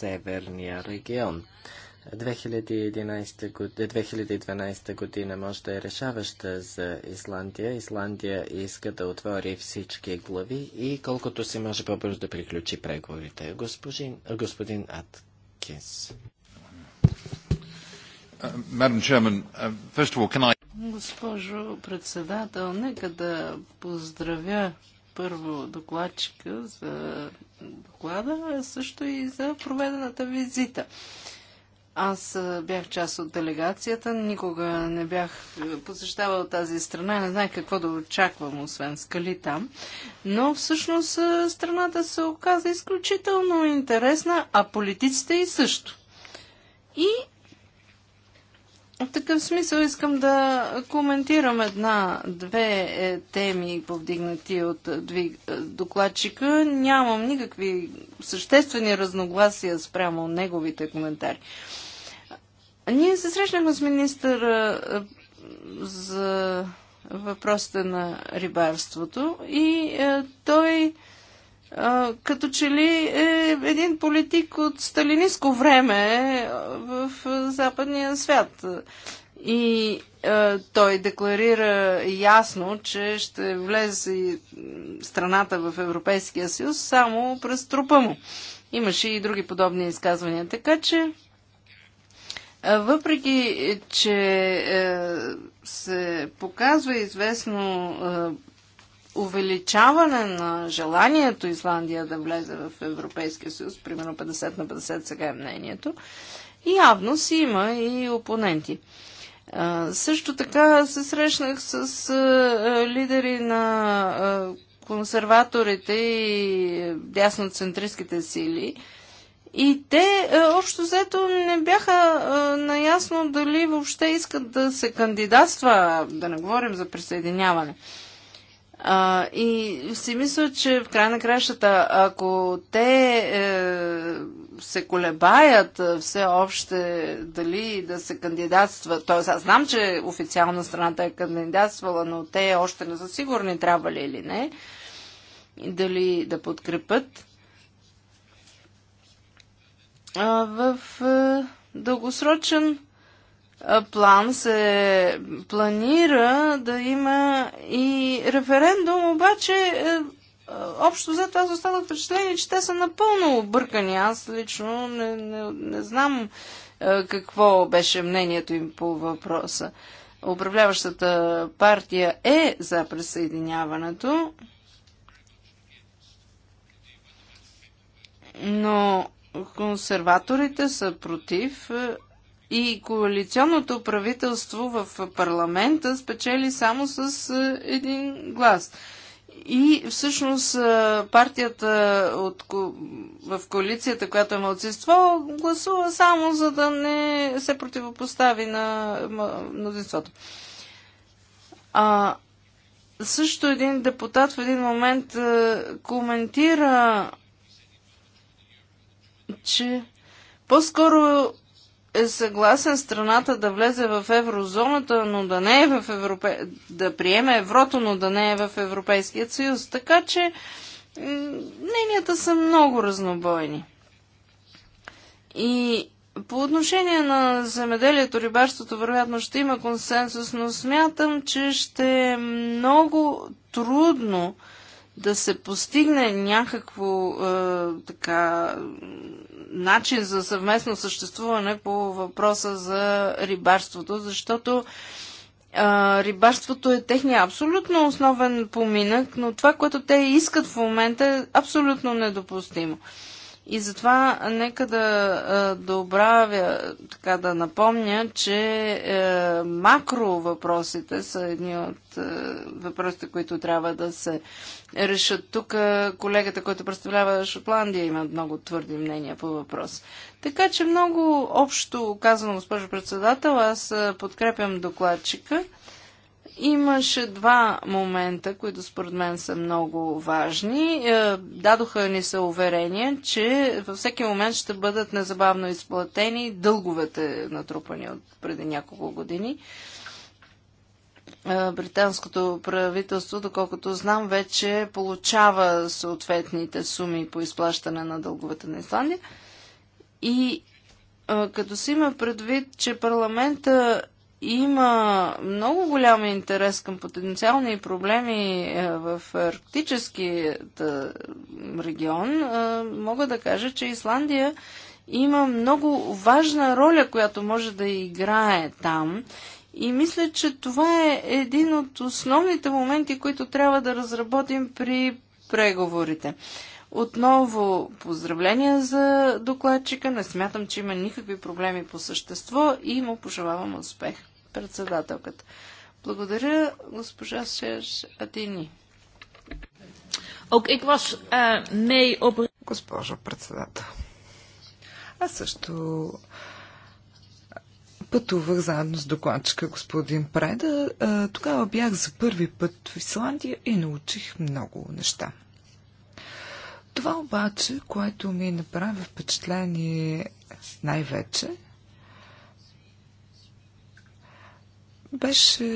северния регион. 2011 година, 2012 година може да е решаваща за Исландия. Исландия иска да отвори всички глави и колкото се може по-бързо да приключи преговорите. Господин, господин Аткинс. Uh, Госпожо председател, нека да поздравя първо докладчика за доклада, а също и за проведената визита. Аз бях част от делегацията, никога не бях посещавал тази страна, не знаех какво да очаквам, освен скали там. Но всъщност страната се оказа изключително интересна, а политиците и също. И в такъв смисъл искам да коментирам една-две е, теми, повдигнати от е, е, докладчика. Нямам никакви съществени разногласия спрямо неговите коментари. Ние се срещнахме с министър за въпросите на рибарството и той като че ли е един политик от сталинистско време е, в западния свят. И е, той декларира ясно, че ще влезе страната в Европейския съюз само през трупа му. Имаше и други подобни изказвания. Така че, въпреки, че е, се показва известно е, увеличаване на желанието Исландия да влезе в Европейския съюз, примерно 50 на 50 сега е мнението, и явно си има и опоненти. също така се срещнах с лидери на консерваторите и дясноцентристските сили. И те, общо взето, не бяха наясно дали въобще искат да се кандидатства, да не говорим за присъединяване. А, и си мисля, че в край на кращата, ако те е, се колебаят е, все още дали да се кандидатства, т.е. аз знам, че официална страната е кандидатствала, но те още не са сигурни трябва ли или не, дали да подкрепят. А, в е, дългосрочен план се планира да има и референдум, обаче е, е, общо за аз останах впечатление, че те са напълно объркани. Аз лично не, не, не знам е, какво беше мнението им по въпроса. Управляващата партия е за присъединяването, но консерваторите са против и коалиционното правителство в парламента спечели само с един глас. И всъщност партията от, в коалицията, която е младсинство, гласува само за да не се противопостави на мнозинството. А, също един депутат в един момент коментира, че по-скоро е съгласен страната да влезе в еврозоната, но да не е в Европе... да приеме еврото, но да не е в Европейския съюз. Така че мненията са много разнобойни. И по отношение на земеделието, рибарството, вероятно ще има консенсус, но смятам, че ще е много трудно да се постигне някакво е, така, начин за съвместно съществуване по въпроса за рибарството, защото е, рибарството е техния абсолютно основен поминък, но това, което те искат в момента е абсолютно недопустимо. Е, и затова нека да добравя, така да напомня, че е, макро въпросите са едни от е, въпросите, които трябва да се решат. Тук е, колегата, който представлява Шотландия, има много твърди мнения по въпрос. Така че много общо казано, госпожо председател, аз подкрепям докладчика. Имаше два момента, които според мен са много важни. Е, дадоха ни се уверение, че във всеки момент ще бъдат незабавно изплатени дълговете натрупани от преди няколко години. Е, британското правителство, доколкото знам, вече получава съответните суми по изплащане на дълговете на Исландия. И е, като си има предвид, че парламента има много голям интерес към потенциални проблеми е, в арктическия е, регион, е, мога да кажа, че Исландия има много важна роля, която може да играе там. И мисля, че това е един от основните моменти, които трябва да разработим при преговорите. Отново поздравления за докладчика. Не смятам, че има никакви проблеми по същество и му пожелавам успех. Председателката. Благодаря, госпожа Шеш Атини. Eh, Госпожо председател, аз също пътувах заедно с докладчика господин Преда. Тогава бях за първи път в Исландия и научих много неща. Това обаче, което ми направи впечатление най-вече, беше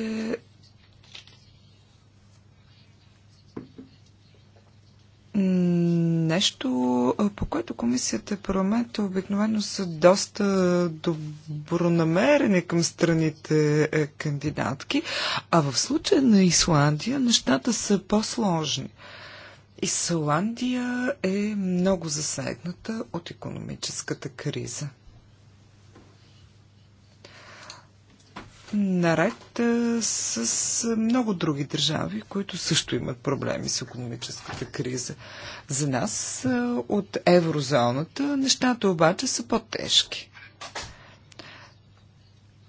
нещо, по което комисията и парламента обикновено са доста добронамерени към страните е, кандидатки, а в случая на Исландия нещата са по-сложни. Исландия е много засегната от економическата криза. Наред с много други държави, които също имат проблеми с економическата криза. За нас от еврозоната нещата обаче са по-тежки.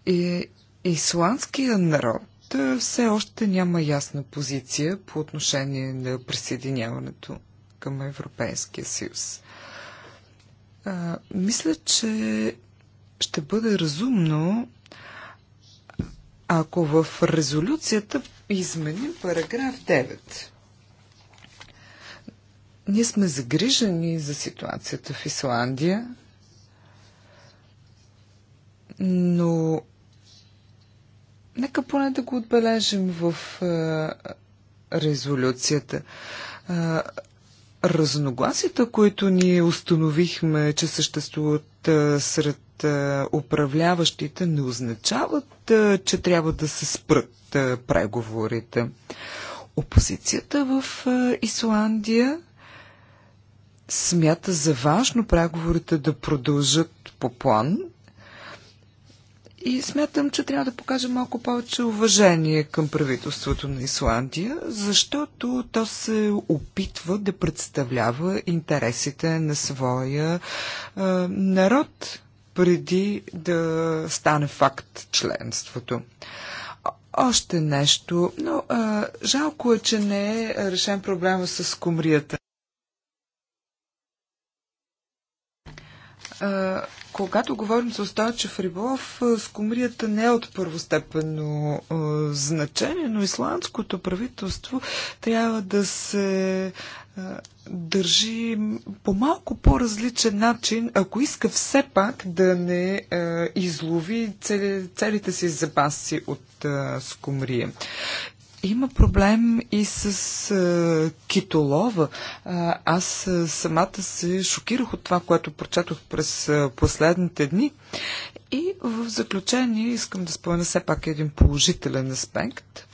И исландският народ момента все още няма ясна позиция по отношение на присъединяването към Европейския съюз. А, мисля, че ще бъде разумно, ако в резолюцията изменим параграф 9. Ние сме загрижени за ситуацията в Исландия, но Нека поне да го отбележим в е, резолюцията. Е, разногласията, които ние установихме, че съществуват е, сред управляващите, не означават, че трябва да се спрат преговорите. Опозицията в Исландия смята за важно преговорите да продължат по план, и смятам, че трябва да покажа малко повече уважение към правителството на Исландия, защото то се опитва да представлява интересите на своя е, народ преди да стане факт членството. Още нещо, но а, жалко е, че не е решен проблема с комрията. Когато говорим за устойчив риболов, скумрията не е от първостепенно е, значение, но исландското правителство трябва да се е, държи по малко по-различен начин, ако иска все пак да не е, излови цели, целите си запаси от скумрия. Има проблем и с а, е, китолова. А, аз е, самата се шокирах от това, което прочетох през а, е, последните дни. И в заключение искам да спомена все пак един положителен аспект.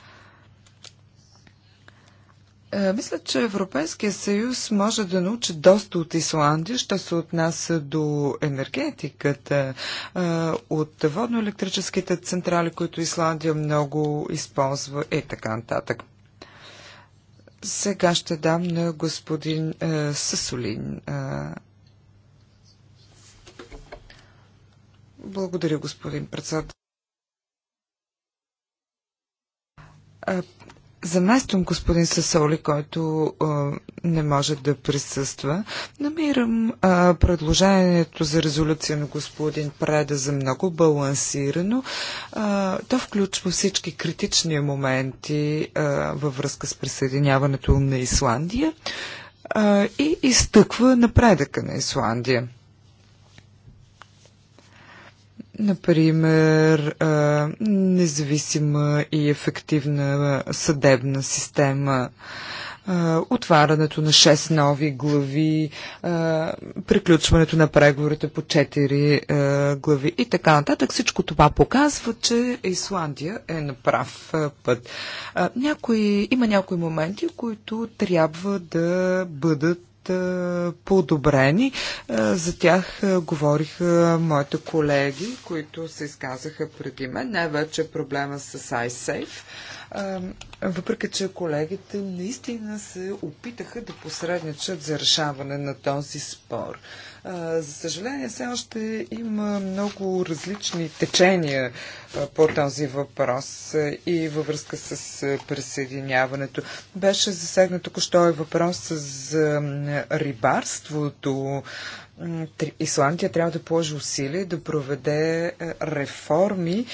Е, мисля, че Европейския съюз може да научи доста от Исландия, що се отнася до енергетиката, е, от водно-електрическите централи, които Исландия много използва и така нататък. Сега ще дам на господин е, Сасолин. Е, благодаря, господин председател. Е, Замествам господин Сасоли, който а, не може да присъства. Намирам а, предложението за резолюция на господин Преда за много балансирано. А, то включва всички критични моменти а, във връзка с присъединяването на Исландия а, и изтъква напредъка на Исландия. Например, независима и ефективна съдебна система, отварянето на 6 нови глави, приключването на преговорите по 4 глави и така нататък. Всичко това показва, че Исландия е на прав път. Някои, има някои моменти, които трябва да бъдат подобрени. За тях говориха моите колеги, които се изказаха преди мен, най-вече проблема с iSafe. Въпреки, че колегите наистина се опитаха да посредничат за решаване на този спор. За съжаление, все още има много различни течения по този въпрос и във връзка с присъединяването. Беше засегнато, току-що е въпрос за рибарството. Исландия трябва да положи усилия да проведе е, реформи, е,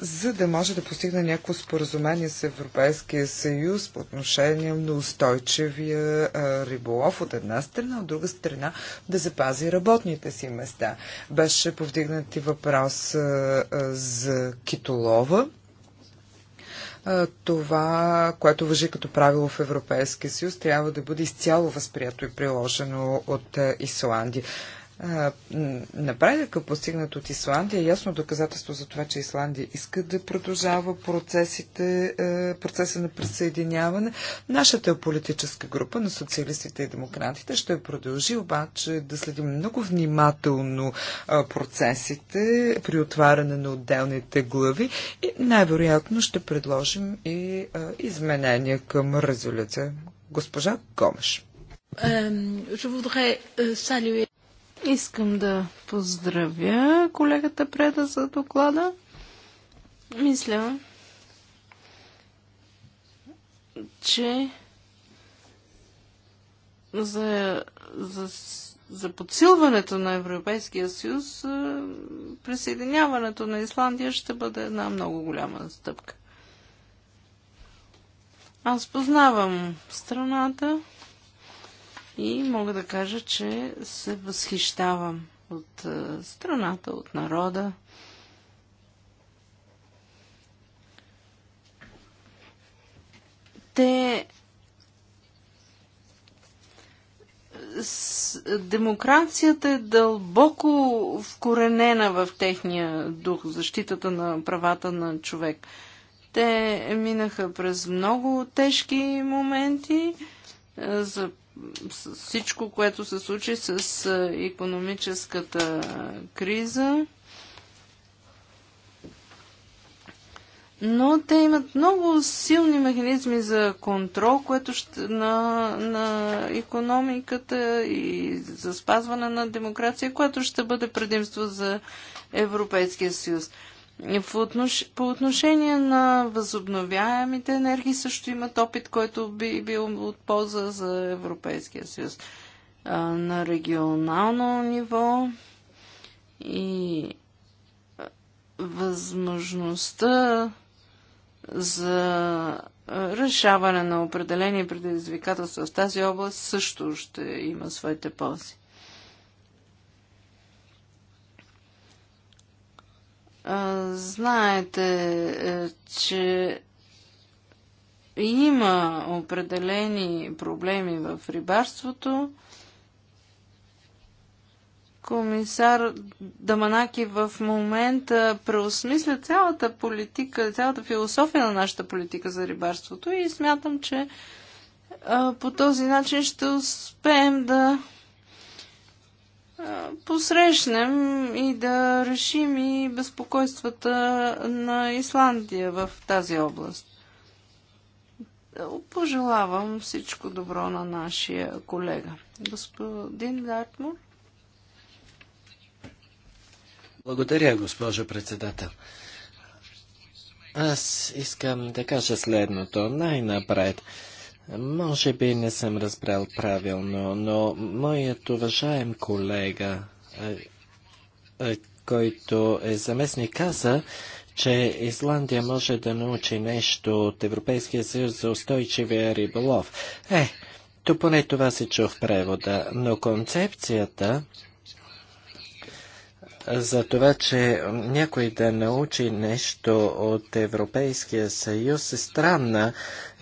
за да може да постигне някакво споразумение с Европейския съюз по отношение на устойчивия е, риболов от една страна, от друга страна да запази работните си места. Беше повдигнат и въпрос за китолова това, което въжи като правило в Европейския съюз, трябва да бъде изцяло възприето и приложено от Исландия напредъка, постигнат от Исландия, е ясно доказателство за това, че Исландия иска да продължава процесите, процеса на присъединяване. Нашата политическа група на социалистите и демократите ще продължи обаче да следим много внимателно процесите при отваряне на отделните глави и най-вероятно ще предложим и изменения към резолюция. Госпожа Гомеш. Je voudrais е, saluer Искам да поздравя колегата Преда за доклада. Мисля, че за, за, за подсилването на Европейския съюз, е, присъединяването на Исландия ще бъде една много голяма стъпка. Аз познавам страната. И мога да кажа, че се възхищавам от е, страната, от народа. Те демокрацията е дълбоко вкоренена в техния дух, защитата на правата на човек. Те минаха през много тежки моменти е, за всичко, което се случи с економическата криза. Но те имат много силни механизми за контрол, което ще, на, на економиката и за спазване на демокрация, което ще бъде предимство за Европейския съюз. По отношение на възобновяемите енергии също имат опит, който би бил от полза за Европейския съюз. На регионално ниво и възможността за решаване на определени предизвикателства в тази област също ще има своите ползи. Знаете, е, че има определени проблеми в рибарството. Комисар Даманаки в момента преосмисля цялата политика, цялата философия на нашата политика за рибарството и смятам, че по този начин ще успеем да посрещнем и да решим и безпокойствата на Исландия в тази област. Пожелавам всичко добро на нашия колега. Господин Дартмур. Благодаря, госпожо председател. Аз искам да кажа следното. Най-напред. Може би не съм разбрал правилно, но моят уважаем колега, е, е, който е заместник, каза, че Исландия може да научи нещо от Европейския съюз за устойчивия риболов. Е, то поне това се чу в превода, но концепцията за това, че някой да научи нещо от Европейския съюз е странна.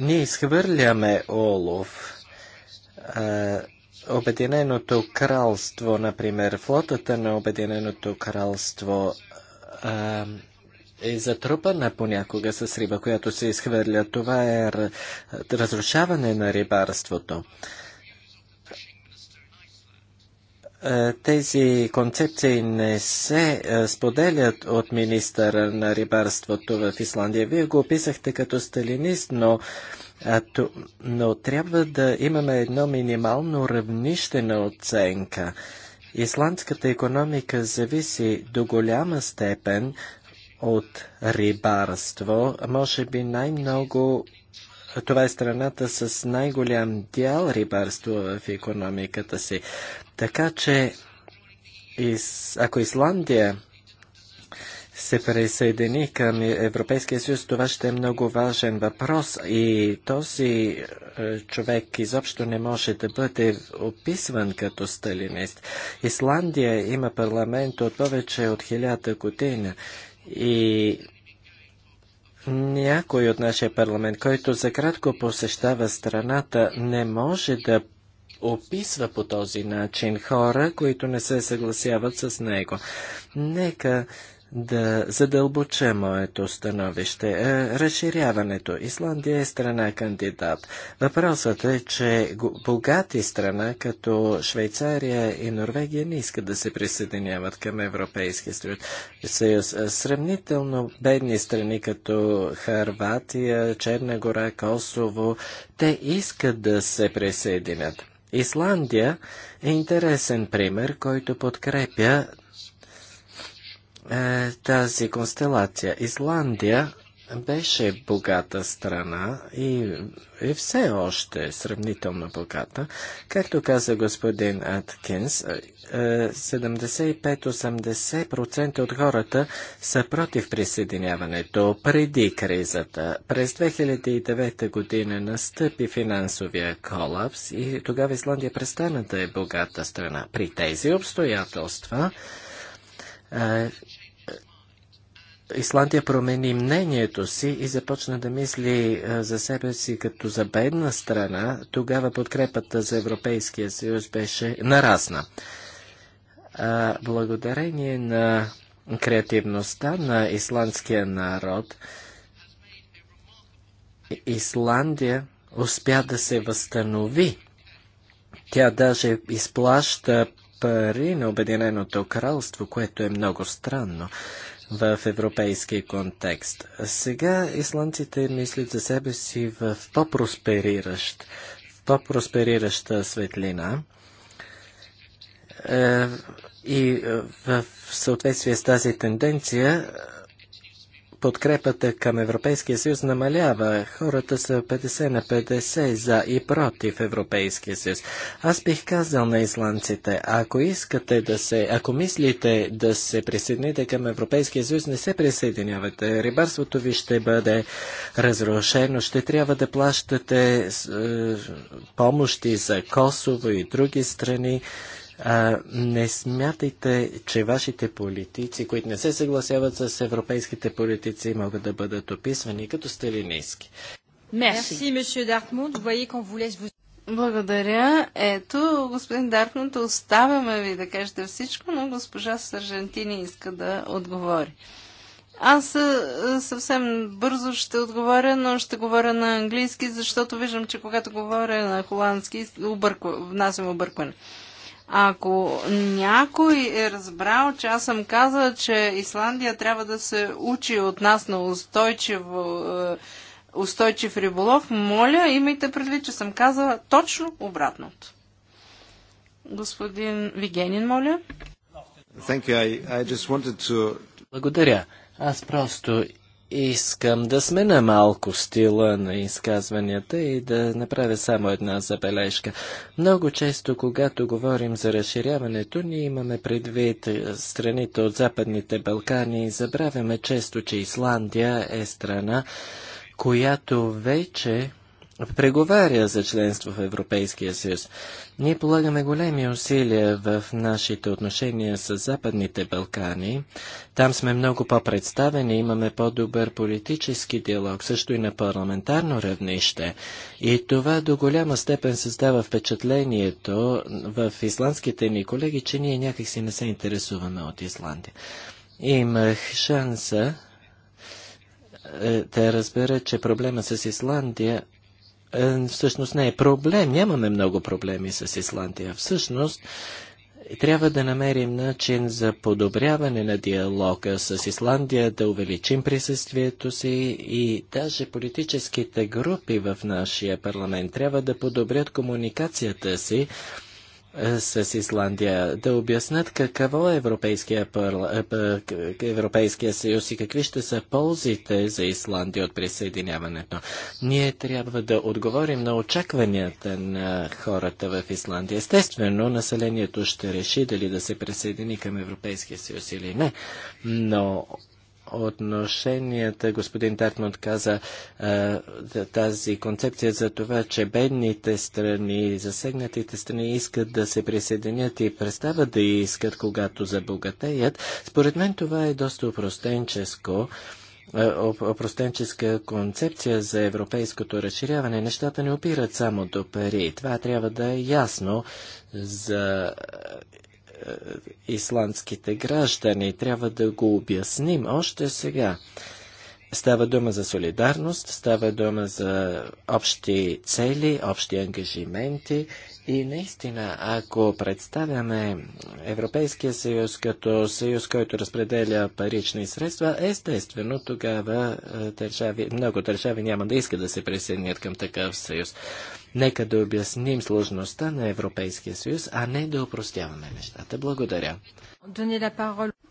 Ние изхвърляме олов. Обединеното кралство, например, флотата на Обединеното кралство е затрупана понякога с риба, която се изхвърля. Това е разрушаване на рибарството. Е, тези концепции не се е, споделят от министъра на рибарството в Исландия. Вие го описахте като сталинист, но, но трябва да имаме едно минимално равнище на оценка. Исландската економика зависи до голяма степен от рибарство, може би най-много това е страната с най-голям дял рибарство в економиката си. Така че, ако Исландия се присъедини към Европейския съюз, това ще е много важен въпрос и този е, човек изобщо не може да бъде описван като сталинист. Исландия има парламент от повече от хиляда година и някой от нашия парламент, който за кратко посещава страната, не може да описва по този начин хора, които не се съгласяват с него. Нека да задълбоче моето становище. Е, разширяването. Исландия е страна кандидат. Въпросът е, че богати страна, като Швейцария и Норвегия, не искат да се присъединяват към Европейския съюз. Сравнително бедни страни, като Харватия, Черна гора, Косово, те искат да се присъединят. Исландия е интересен пример, който подкрепя е, тази констелация. Исландия беше богата страна и е все още сравнително богата. Както каза господин Аткинс, 75-80% е, от хората са против присъединяването преди кризата. През 2009 година настъпи финансовия колапс и тогава Исландия престана да е богата страна. При тези обстоятелства е, Исландия промени мнението си и започна да мисли за себе си като за бедна страна, тогава подкрепата за Европейския съюз беше нарасна. благодарение на креативността на исландския народ, Исландия успя да се възстанови. Тя даже изплаща пари на Обединеното кралство, което е много странно в европейски контекст. Сега исландците мислят за себе си в по-проспериращ, в по-просперираща светлина е, и е, в съответствие с тази тенденция подкрепата към Европейския съюз намалява. Хората са 50 на 50 за и против Европейския съюз. Аз бих казал на исландците, ако искате да се, ако мислите да се присъедините към Европейския съюз, не се присъединявате. Рибарството ви ще бъде разрушено, ще трябва да плащате е, помощи за Косово и други страни. А, не смятайте, че вашите политици, които не се съгласяват с европейските политици, могат да бъдат описвани като сталинистки. Благодаря. Ето, господин Даркнут, оставяме ви да кажете всичко, но госпожа Сържантини иска да отговори. Аз съвсем бързо ще отговоря, но ще говоря на английски, защото виждам, че когато говоря на холандски, обърква, внасям объркване. Ако някой е разбрал, че аз съм казал, че Исландия трябва да се учи от нас на устойчиво, е, устойчив риболов, моля, имайте предвид, че съм казала точно обратното. Господин Вигенин, моля. Благодаря. Аз просто Искам да на малко стила на изказванията и да направя само една забележка. Много често, когато говорим за разширяването, ние имаме предвид е, страните от Западните Балкани и забравяме често, че Исландия е страна, която вече преговаря за членство в Европейския съюз. Ние полагаме големи усилия в нашите отношения с Западните Балкани. Там сме много по-представени, имаме по-добър политически диалог, също и на парламентарно равнище. И това до голяма степен създава впечатлението в исландските ни колеги, че ние някакси не се интересуваме от Исландия. Имах шанса е, да разбера, че проблема с Исландия е, всъщност не е проблем. Нямаме много проблеми с Исландия. Всъщност, трябва да намерим начин за подобряване на диалога с Исландия, да увеличим присъствието си и даже политическите групи в нашия парламент трябва да подобрят комуникацията си с Исландия, да обяснат какво е Европейския, парла, е, Европейския съюз и какви ще са ползите за Исландия от присъединяването. Ние трябва да отговорим на очакванията на хората в Исландия. Естествено, населението ще реши дали да се присъедини към Европейския съюз или не, но отношенията. Господин Тартмунд каза тази концепция за това, че бедните страни, засегнатите страни искат да се присъединят и престават да искат, когато забогатеят. Според мен това е доста упростенческо опростенческа концепция за европейското разширяване, нещата не опират само до пари. Това трябва да е ясно за е, исландските граждани. Трябва да го обясним още сега. Става дума за солидарност, става дума за общи цели, общи ангажименти и наистина, ако представяме Европейския съюз като съюз, който разпределя парични средства, естествено тогава е, държави, много държави няма да искат да се присъединят към такъв съюз. Нека да обясним сложността на Европейския съюз, а не да опростяваме нещата. Благодаря.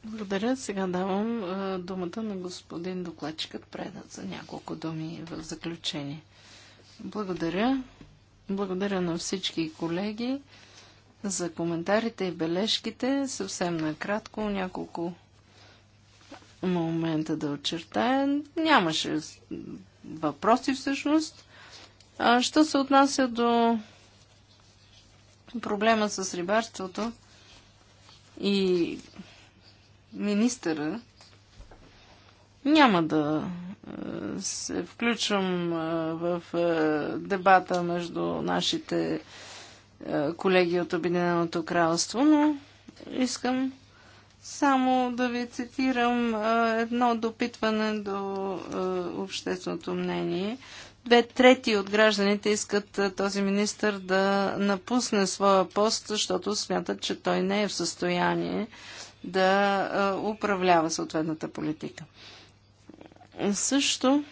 Благодаря. Сега давам думата на господин докладчикът Предат за няколко думи в заключение. Благодаря. Благодаря на всички колеги за коментарите и бележките. Съвсем накратко няколко момента да очертая. Нямаше въпроси всъщност що се отнася до проблема с рибарството и министъра, няма да е, се включвам е, в е, дебата между нашите колеги от Обединеното кралство, но искам само да ви цитирам едно допитване до общественото мнение. Две трети от гражданите искат този министр да напусне своя пост, защото смятат, че той не е в състояние да управлява съответната политика. Също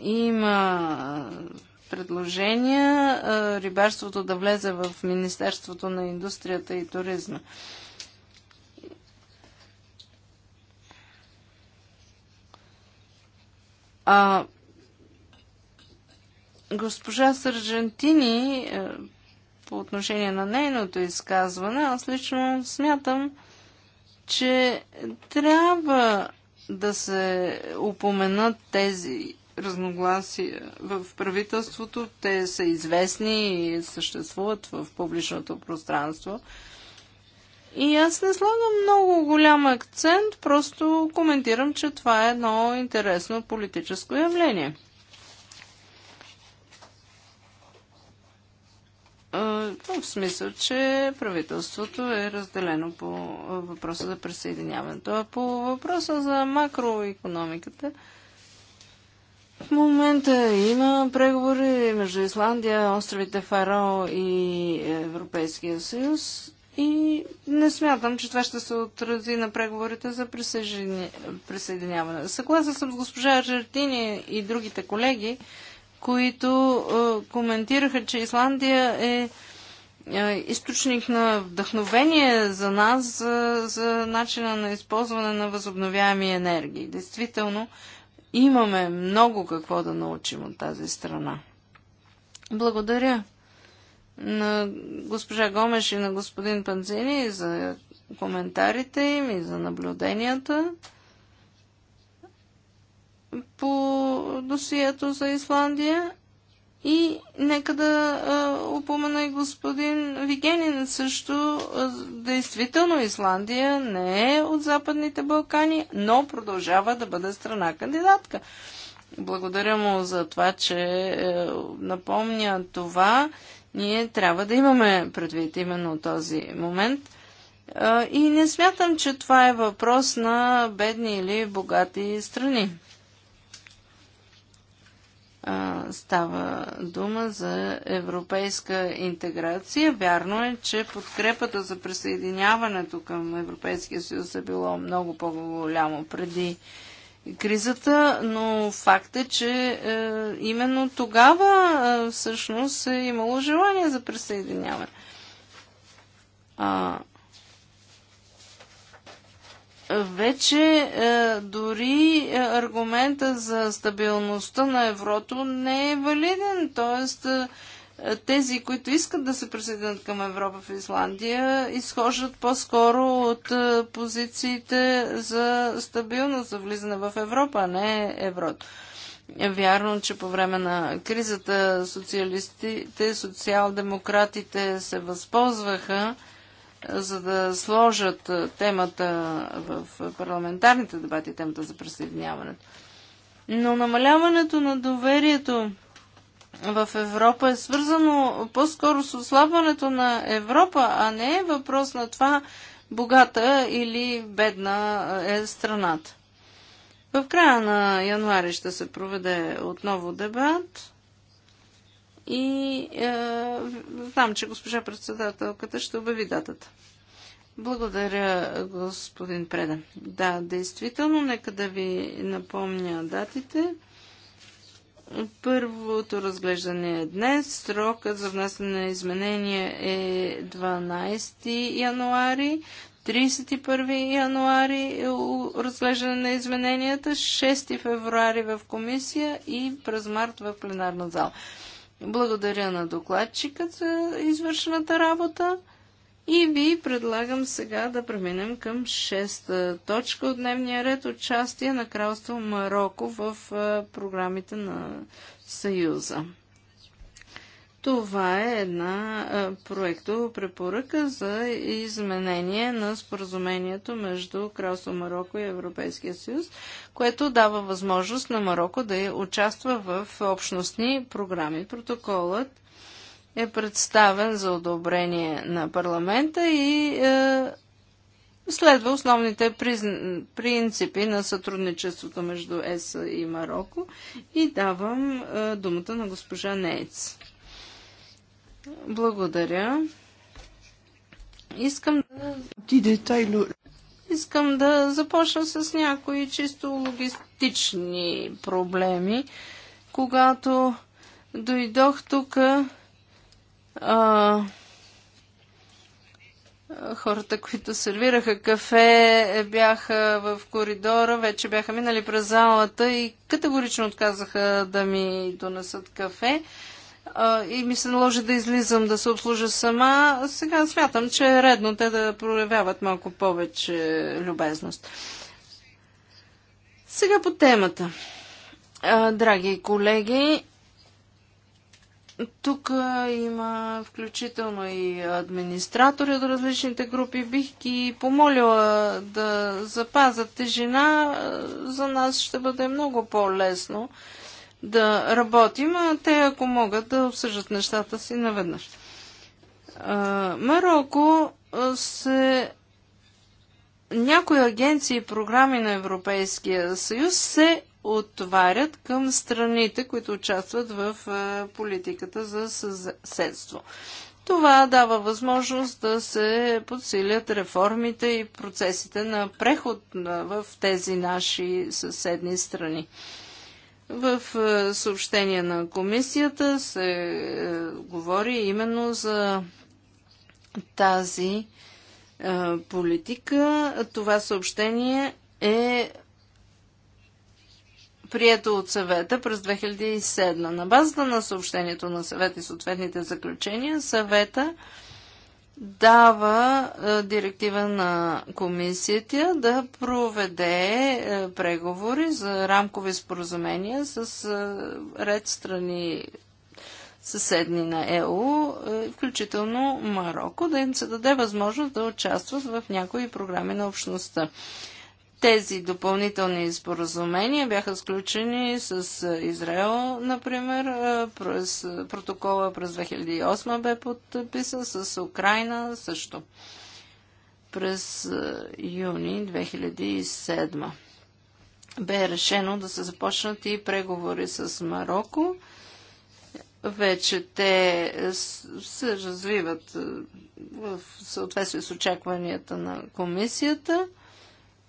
има предложения рибарството да влезе в Министерството на индустрията и туризма. А госпожа Сържантини, е, по отношение на нейното изказване, аз лично смятам, че трябва да се упоменат тези разногласия в правителството. Те са известни и съществуват в публичното пространство. И аз не слагам много голям акцент, просто коментирам, че това е едно интересно политическо явление. в смисъл, че правителството е разделено по въпроса за присъединяването. А по въпроса за макроекономиката, в момента има преговори между Исландия, островите Фаро и Европейския съюз и не смятам, че това ще се отрази на преговорите за присъединяване. Съгласен съм с госпожа Жертини и другите колеги, които е, коментираха, че Исландия е, е източник на вдъхновение за нас, за, за начина на използване на възобновяеми енергии. Действително, имаме много какво да научим от тази страна. Благодаря на госпожа Гомеш и на господин Панзини за коментарите им и за наблюденията по досието за Исландия. И нека да а, упомена и господин Вигенин също. действително Исландия не е от Западните Балкани, но продължава да бъде страна кандидатка. Благодаря му за това, че е, напомня това. Ние трябва да имаме предвид именно този момент. и не смятам, че това е въпрос на бедни или богати страни става дума за европейска интеграция. Вярно е, че подкрепата за присъединяването към Европейския съюз е било много по-голямо преди кризата, но факт е, че е, именно тогава е, всъщност е имало желание за присъединяване. А, вече е, дори е, аргумента за стабилността на еврото не е валиден. Тоест, е, тези, които искат да се присъединят към Европа в Исландия, изхождат по-скоро от позициите за стабилност, за влизане в Европа, а не еврото. Вярно, че по време на кризата социалистите, социал-демократите се възползваха за да сложат темата в парламентарните дебати, темата за присъединяването. Но намаляването на доверието в Европа е свързано по-скоро с ослабването на Европа, а не е въпрос на това богата или бедна е страната. В края на януари ще се проведе отново дебат и е, знам, че госпожа председателката ще обяви датата. Благодаря, господин Преда. Да, действително, нека да ви напомня датите. Първото разглеждане е днес. Срокът за внасяне на изменения е 12 януари. 31 януари е разглеждане на измененията, 6 февруари в комисия и през март в пленарна зала. Благодаря на докладчикът за извършената работа и ви предлагам сега да преминем към шеста точка от дневния ред участие на Кралство Марокко в програмите на Съюза. Това е една проекто препоръка за изменение на споразумението между Кралство Марокко и Европейския съюз, което дава възможност на Марокко да е участва в общностни програми. Протоколът е представен за одобрение на парламента и е, следва основните принципи на сътрудничеството между ЕС и Марокко и давам е, думата на госпожа Нейц. Благодаря. Искам да... Ти детайло. Искам да започна с някои чисто логистични проблеми. Когато дойдох тук, а, хората, които сервираха кафе, бяха в коридора, вече бяха минали през залата и категорично отказаха да ми донесат кафе и ми се наложи да излизам да се обслужа сама, сега смятам, че е редно те да проявяват малко повече любезност. Сега по темата. драги колеги, тук има включително и администратори от различните групи. Бих ги помолила да запазят тежина. За нас ще бъде много по-лесно да работим, а те ако могат да обсъждат нещата си наведнъж. Марокко се някои агенции и програми на Европейския съюз се отварят към страните, които участват в политиката за съседство. Това дава възможност да се подсилят реформите и процесите на преход в тези наши съседни страни. В е, съобщение на комисията се е, говори именно за тази е, политика. Това съобщение е прието от съвета през 2007. На базата на съобщението на съвет и съответните заключения, съвета дава е, директива на комисията да проведе е, преговори за рамкови споразумения с е, ред страни съседни на ЕУ, включително Марокко, да им се даде възможност да участват в някои програми на общността. Тези допълнителни споразумения бяха сключени с Израел, например, през протокола през 2008 бе подписан, с Украина също през юни 2007. Бе решено да се започнат и преговори с Марокко. Вече те се развиват в съответствие с очакванията на комисията.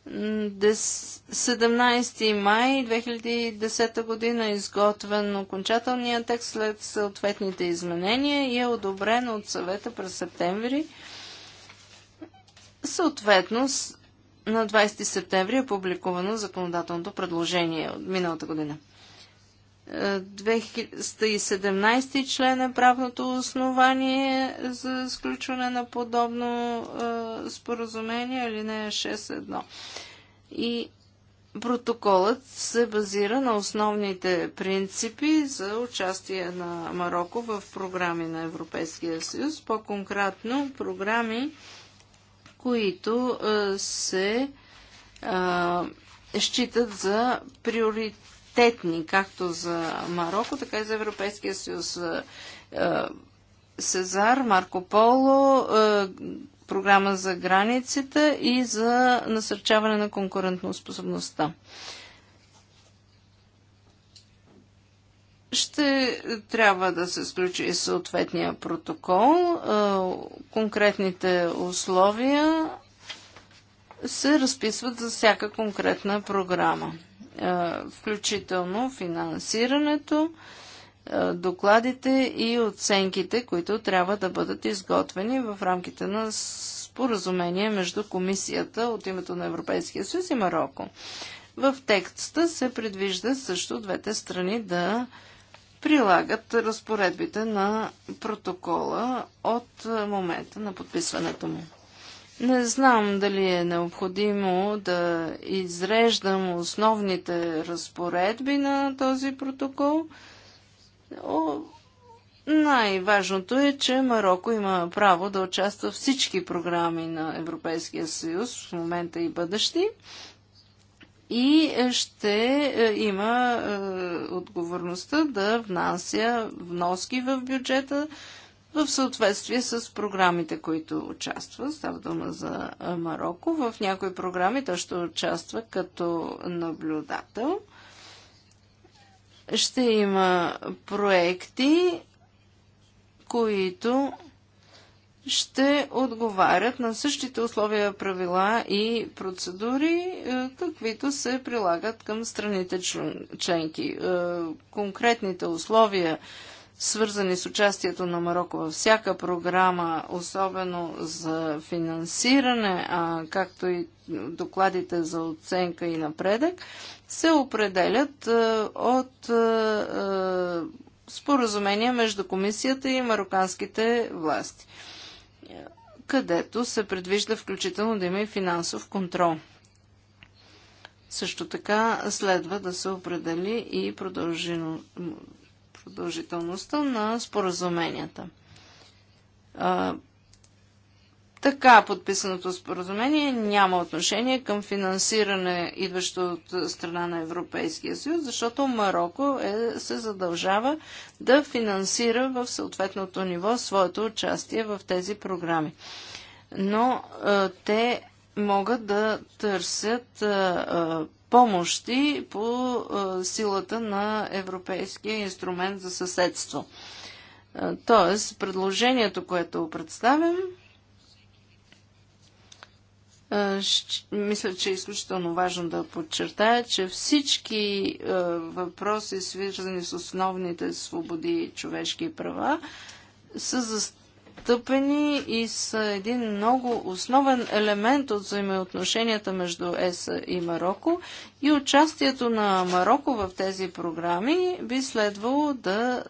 17 май 2010 година е изготвен окончателният текст след съответните изменения и е одобрен от съвета през септември. Съответно, на 20 септември е публикувано законодателното предложение от миналата година. 217 член е правното основание за сключване на подобно е, споразумение, или не е 6.1. И протоколът се базира на основните принципи за участие на Марокко в програми на Европейския съюз, по-конкретно програми, които е, се е, считат за приоритет приоритетни, както за Марокко, така и за Европейския съюз. Е, е, Сезар, Марко Поло, е, програма за границите и за насърчаване на конкурентоспособността. ще трябва да се сключи съответния протокол. Конкретните условия се разписват за всяка конкретна програма включително финансирането, докладите и оценките, които трябва да бъдат изготвени в рамките на споразумение между комисията от името на Европейския съюз и Марокко. В текста се предвижда също двете страни да прилагат разпоредбите на протокола от момента на подписването му. Не знам дали е необходимо да изреждам основните разпоредби на този протокол. Най-важното е, че Марокко има право да участва в всички програми на Европейския съюз, в момента и бъдещи, и ще е, има е, отговорността да внася вноски в бюджета в съответствие с програмите, които участва. Става дума за Марокко. В някои програми той ще участва като наблюдател. Ще има проекти, които ще отговарят на същите условия, правила и процедури, каквито се прилагат към страните членки. Конкретните условия, свързани с участието на Марокко във всяка програма, особено за финансиране, а както и докладите за оценка и напредък, се определят от споразумения между комисията и мароканските власти, където се предвижда включително да има и финансов контрол. Също така следва да се определи и продължено продължителността на споразуменията. така подписаното споразумение няма отношение към финансиране, идващо от страна на Европейския съюз, защото Марокко е, се задължава да финансира в съответното ниво своето участие в тези програми. Но те могат да търсят помощи по силата на Европейския инструмент за съседство. Тоест, предложението, което представям, мисля, че е изключително важно да подчертая, че всички въпроси, свързани с основните свободи и човешки права, са стъпени и са един много основен елемент от взаимоотношенията между ЕС и Марокко и участието на Марокко в тези програми би следвало да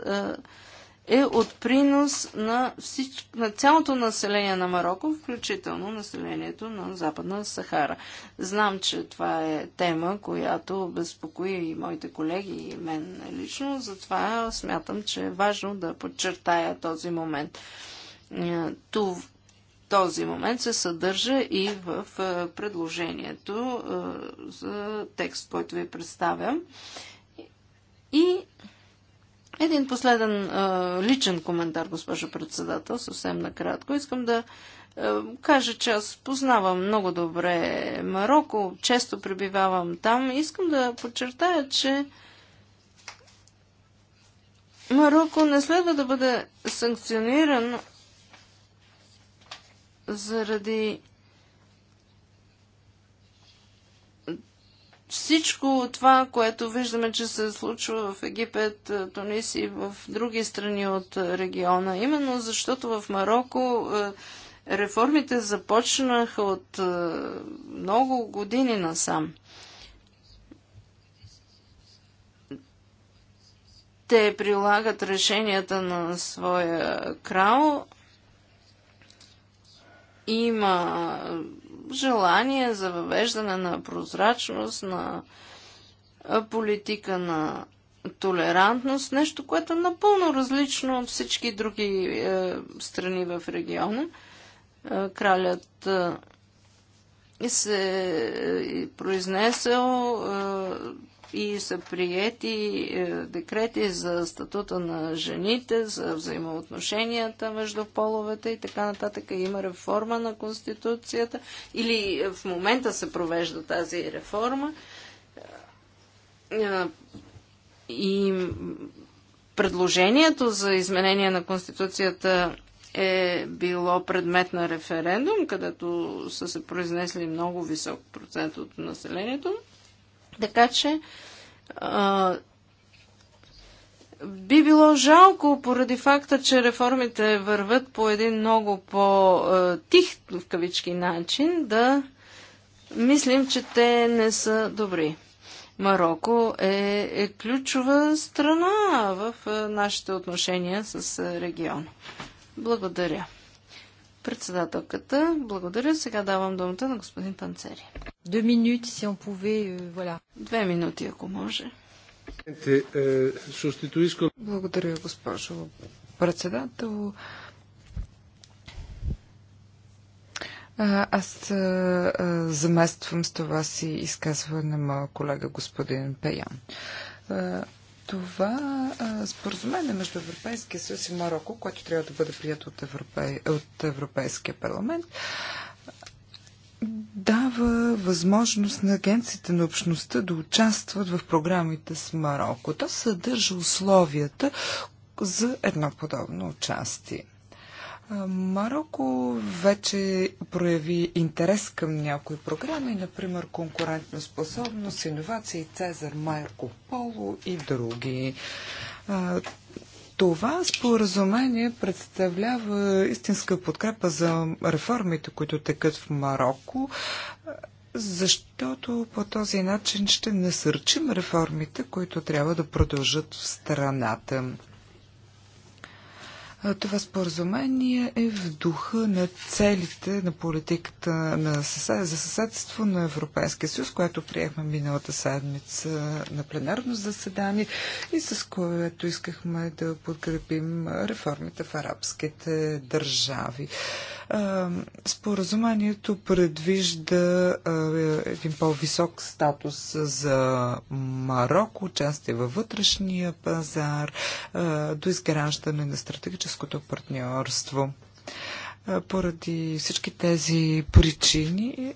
е, е от принос на, всич... на цялото население на Марокко, включително населението на Западна Сахара. Знам, че това е тема, която безпокои и моите колеги, и мен лично, затова смятам, че е важно да подчертая този момент. Е, този момент се съдържа и в е, предложението е, за текст, който ви представям. И един последен личен коментар, госпожо председател, съвсем накратко. Искам да кажа, че аз познавам много добре Марокко, често пребивавам там. Искам да подчертая, че Марокко не следва да бъде санкциониран заради всичко това, което виждаме, че се случва в Египет, е, Тунис и в други страни от е, региона. Именно защото в Марокко е, реформите започнаха от много години насам. Те прилагат решенията на своя крал, има желание за въвеждане на прозрачност, на политика на толерантност, нещо, което е напълно различно от всички други е, страни в региона. Е, кралят е, се е произнесел, е, и са приети е, декрети за статута на жените, за взаимоотношенията между половете и така нататък. Има реформа на Конституцията или в момента се провежда тази реформа. Е, и предложението за изменение на Конституцията е било предмет на референдум, където са се произнесли много висок процент от населението. Така че а, би било жалко поради факта, че реформите върват по един много по-тих в кавички начин да мислим, че те не са добри. Марокко е, е ключова страна в нашите отношения с региона. Благодаря. Председателката, благодаря. Сега давам думата на господин Панцери. Две минути, си пове, е, вуаля. Две минути, ако може. Е, е, благодаря, госпожо председател. Аз замествам с това си изказване на моя колега господин Пеян това споразумение между Европейския съюз и Марокко, което трябва да бъде прието от, Европей, от Европейския парламент, дава възможност на агенциите на общността да участват в програмите с Марокко. То съдържа условията за едно подобно участие. Марокко вече прояви интерес към някои програми, например конкурентна способност, иновации, Цезар, Марко Поло и други. Това споразумение представлява истинска подкрепа за реформите, които текат в Марокко, защото по този начин ще насърчим реформите, които трябва да продължат в страната. Това споразумение е в духа на целите на политиката на съсед, за съседство на Европейския съюз, което приехме миналата седмица на пленарно заседание и с което искахме да подкрепим реформите в арабските държави. Споразумението предвижда един по-висок статус за Марокко, участие във вътрешния пазар, до изграждане на стратегически стратегическото партньорство. Поради всички тези причини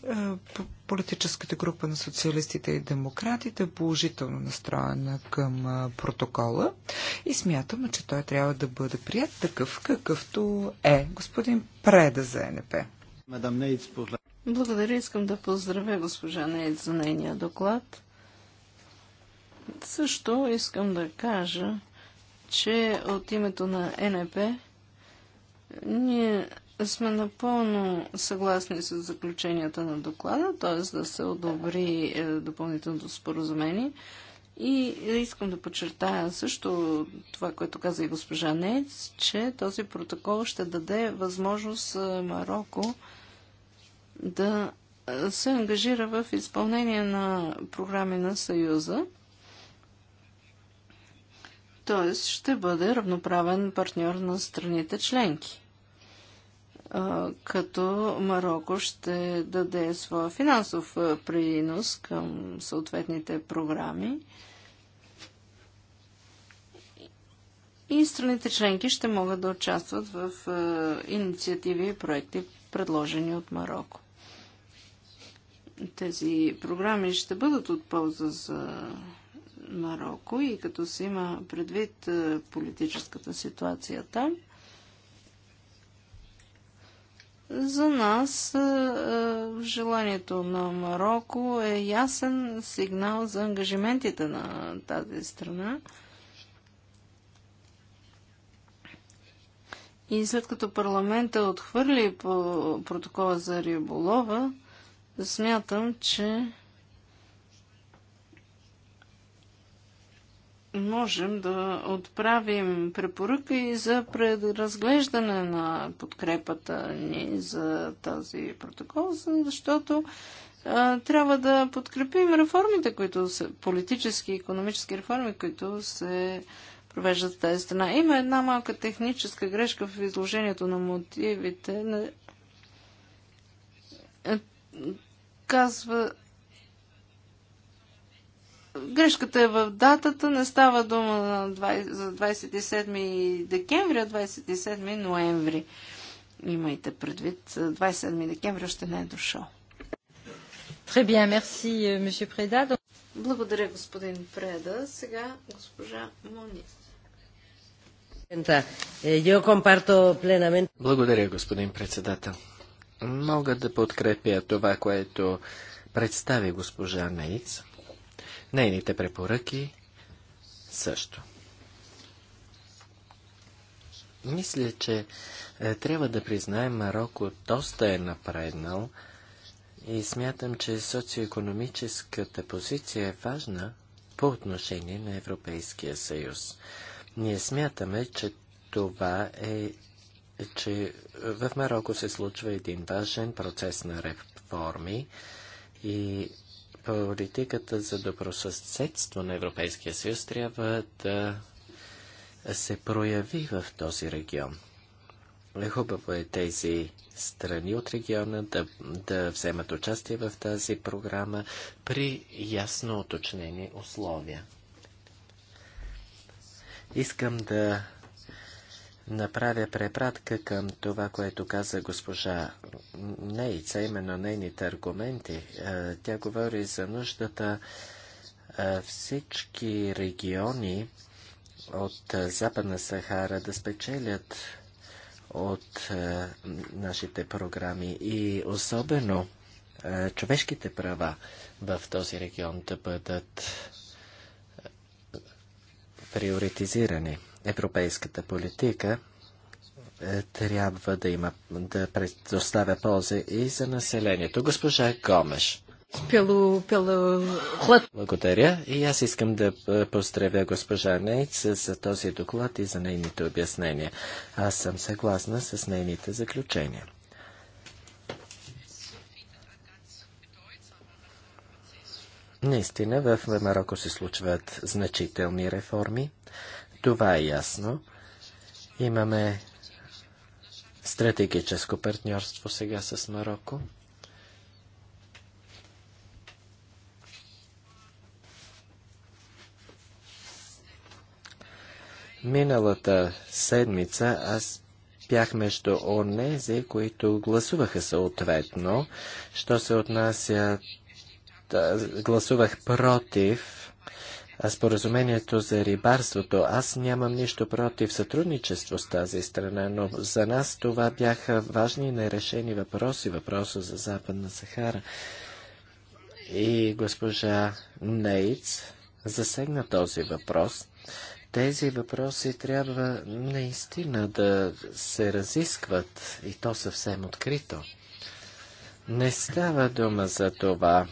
политическата група на социалистите и демократите е положително настроена към протокола и смятаме, че той трябва да бъде прият такъв какъвто е. Господин Преда за НП. Благодаря, искам да поздравя госпожа Нейт за нейния доклад. Също искам да кажа, че от името на НП ние сме напълно съгласни с заключенията на доклада, т.е. да се одобри е, допълнителното споразумение. И искам да подчертая също това, което каза и госпожа Нец, че този протокол ще даде възможност е, Марокко да е, се ангажира в изпълнение на програми на Съюза т.е. ще бъде равноправен партньор на страните членки. Като Марокко ще даде своя финансов принос към съответните програми и страните членки ще могат да участват в инициативи и проекти, предложени от Марокко. Тези програми ще бъдат от полза за Марокко и като се има предвид е, политическата ситуация там, за нас е, е, желанието на Марокко е ясен сигнал за ангажиментите на тази страна. И след като парламента отхвърли по протокола за риболова, смятам, че можем да отправим препоръка и за преразглеждане на подкрепата ни за този протокол, защото а, трябва да подкрепим реформите, които са политически и економически реформи, които се провеждат в тази страна. Има една малка техническа грешка в изложението на мотивите. Е, казва, Грешката е в датата, не става дума на за 27 декември, а 27 ноември. Имайте предвид, 27 декември още не е дошъл. bien, merci, euh, Благодаря, господин Преда. Сега госпожа Монис. Е, Благодаря, господин председател. Мога да подкрепя това, което представи госпожа Наица. Нейните препоръки също. Мисля, че е, трябва да признаем, Марокко доста е напреднал и смятам, че социоекономическата позиция е важна по отношение на Европейския съюз. Ние смятаме, че това е, че в Марокко се случва един важен процес на реформи и политиката за добросъседство на Европейския съюз трябва да се прояви в този регион. Хубаво е тези страни от региона да, да вземат участие в тази програма при ясно уточнени условия. Искам да направя препратка към това, което каза госпожа Нейца, именно нейните аргументи. Е, тя говори за нуждата е, всички региони от е, Западна Сахара да спечелят от нашите програми и особено човешките права в този регион да бъдат приоритизирани европейската политика е, трябва да има, да предоставя полза и за населението. Госпожа Гомеш. Пелу, пелу, хлад. Благодаря и аз искам да е, поздравя госпожа Нейц за този доклад и за нейните обяснения. Аз съм съгласна с нейните заключения. Наистина в Марокко се случват значителни реформи. Това е ясно. Имаме стратегическо партньорство сега с Марокко. Миналата седмица аз бях между онези, които гласуваха съответно, що се отнася, да, гласувах против споразумението за рибарството. Аз нямам нищо против сътрудничество с тази страна, но за нас това бяха важни и нерешени въпроси, въпроса за Западна Сахара. И госпожа Нейц засегна този въпрос. Тези въпроси трябва наистина да се разискват и то съвсем открито. Не става дума за това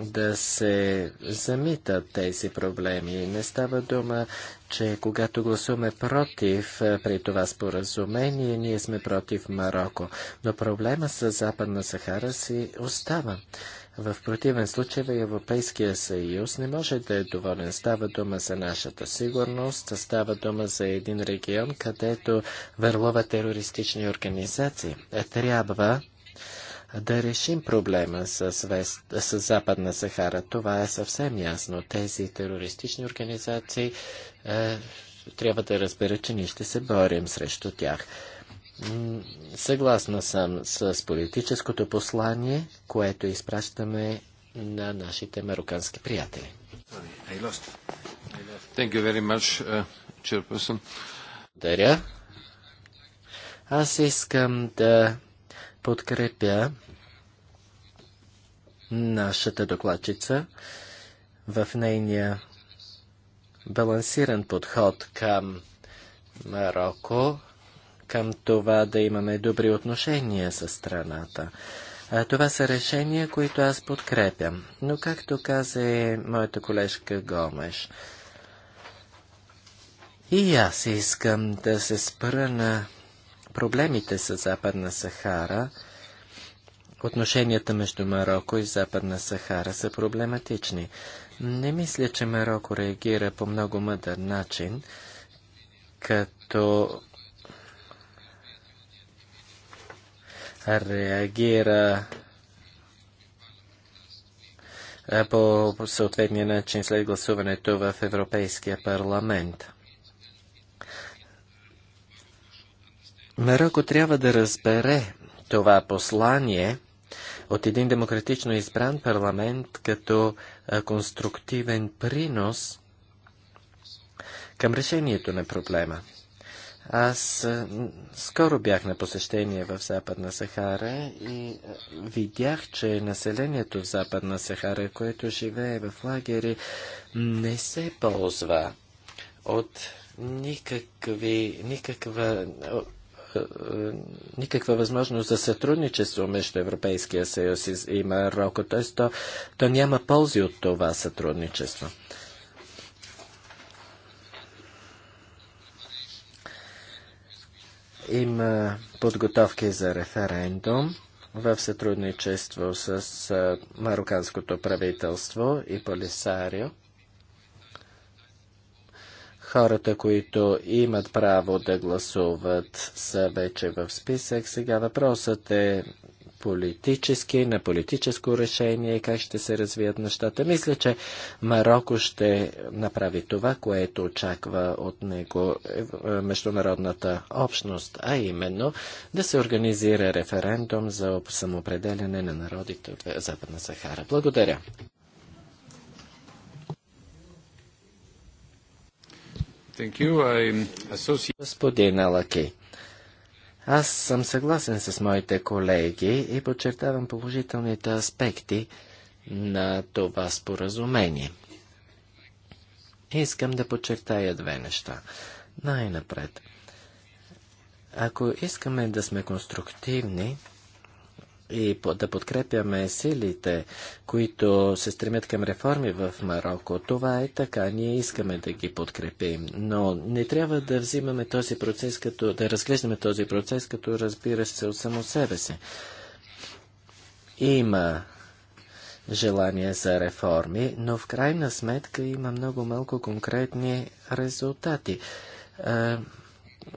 да се замитат тези проблеми. Не става дума, че когато гласуваме против е, при това споразумение, ние сме против Марокко. Но проблема с Западна Сахара си остава. В противен случай Европейския съюз не може да е доволен. Става дума за нашата сигурност, става дума за един регион, където върлуват терористични организации. Е, трябва да решим проблема с, Вест, с Западна Сахара. Това е съвсем ясно. Тези терористични организации е, трябва да разберат, че ние ще се борим срещу тях. Съгласна съм с политическото послание, което изпращаме на нашите марокански приятели. Uh, Благодаря. Аз искам да подкрепя нашата докладчица в нейния балансиран подход към Марокко, към това да имаме добри отношения с страната. А, това са решения, които аз подкрепям. Но както каза и моята колежка Гомеш, и аз искам да се спра на проблемите с Западна Сахара, отношенията между Марокко и Западна Сахара са проблематични. Не мисля, че Марокко реагира по много мъдър начин, като реагира по съответния начин след гласуването в Европейския парламент. Марокко трябва да разбере това послание от един демократично избран парламент като конструктивен принос към решението на проблема. Аз скоро бях на посещение в Западна Сахара и видях, че населението в Западна Сахара, което живее в лагери, не се ползва от никакви, никаква, е, никаква възможност за сътрудничество между Европейския съюз и Марокко, т.е. То, то няма ползи от това сътрудничество. Има подготовки за референдум в сътрудничество с е, мароканското правителство и Полисарио. Хората, които имат право да гласуват, са вече в списък. Сега въпросът е политически, на политическо решение, как ще се развият нещата. Мисля, че Марокко ще направи това, което очаква от него е, е, международната общност, а именно да се организира референдум за самоопределяне на народите от Западна Сахара. Благодаря. Господин Алаки, аз съм съгласен с моите колеги и подчертавам положителните аспекти на това споразумение. Искам да подчертая две неща. Най-напред. Ако искаме да сме конструктивни, и да подкрепяме силите, които се стремят към реформи в Марокко. Това е така. Ние искаме да ги подкрепим. Но не трябва да взимаме този процес, като, да разглеждаме този процес, като разбира се от само себе си. Има желание за реформи, но в крайна сметка има много малко конкретни резултати. Е,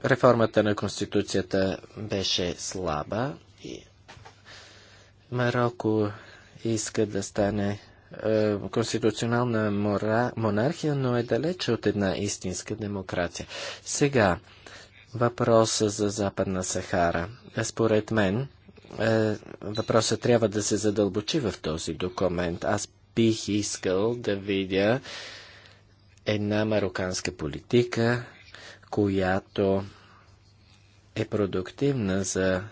реформата на Конституцията беше слаба, Марокко иска да стане е, конституционална мора, монархия, но е далече от една истинска демокрация. Сега, въпроса за Западна Сахара. Е, според мен, е, въпросът трябва да се задълбочи в този документ. Аз бих искал да видя една мароканска политика, която е продуктивна за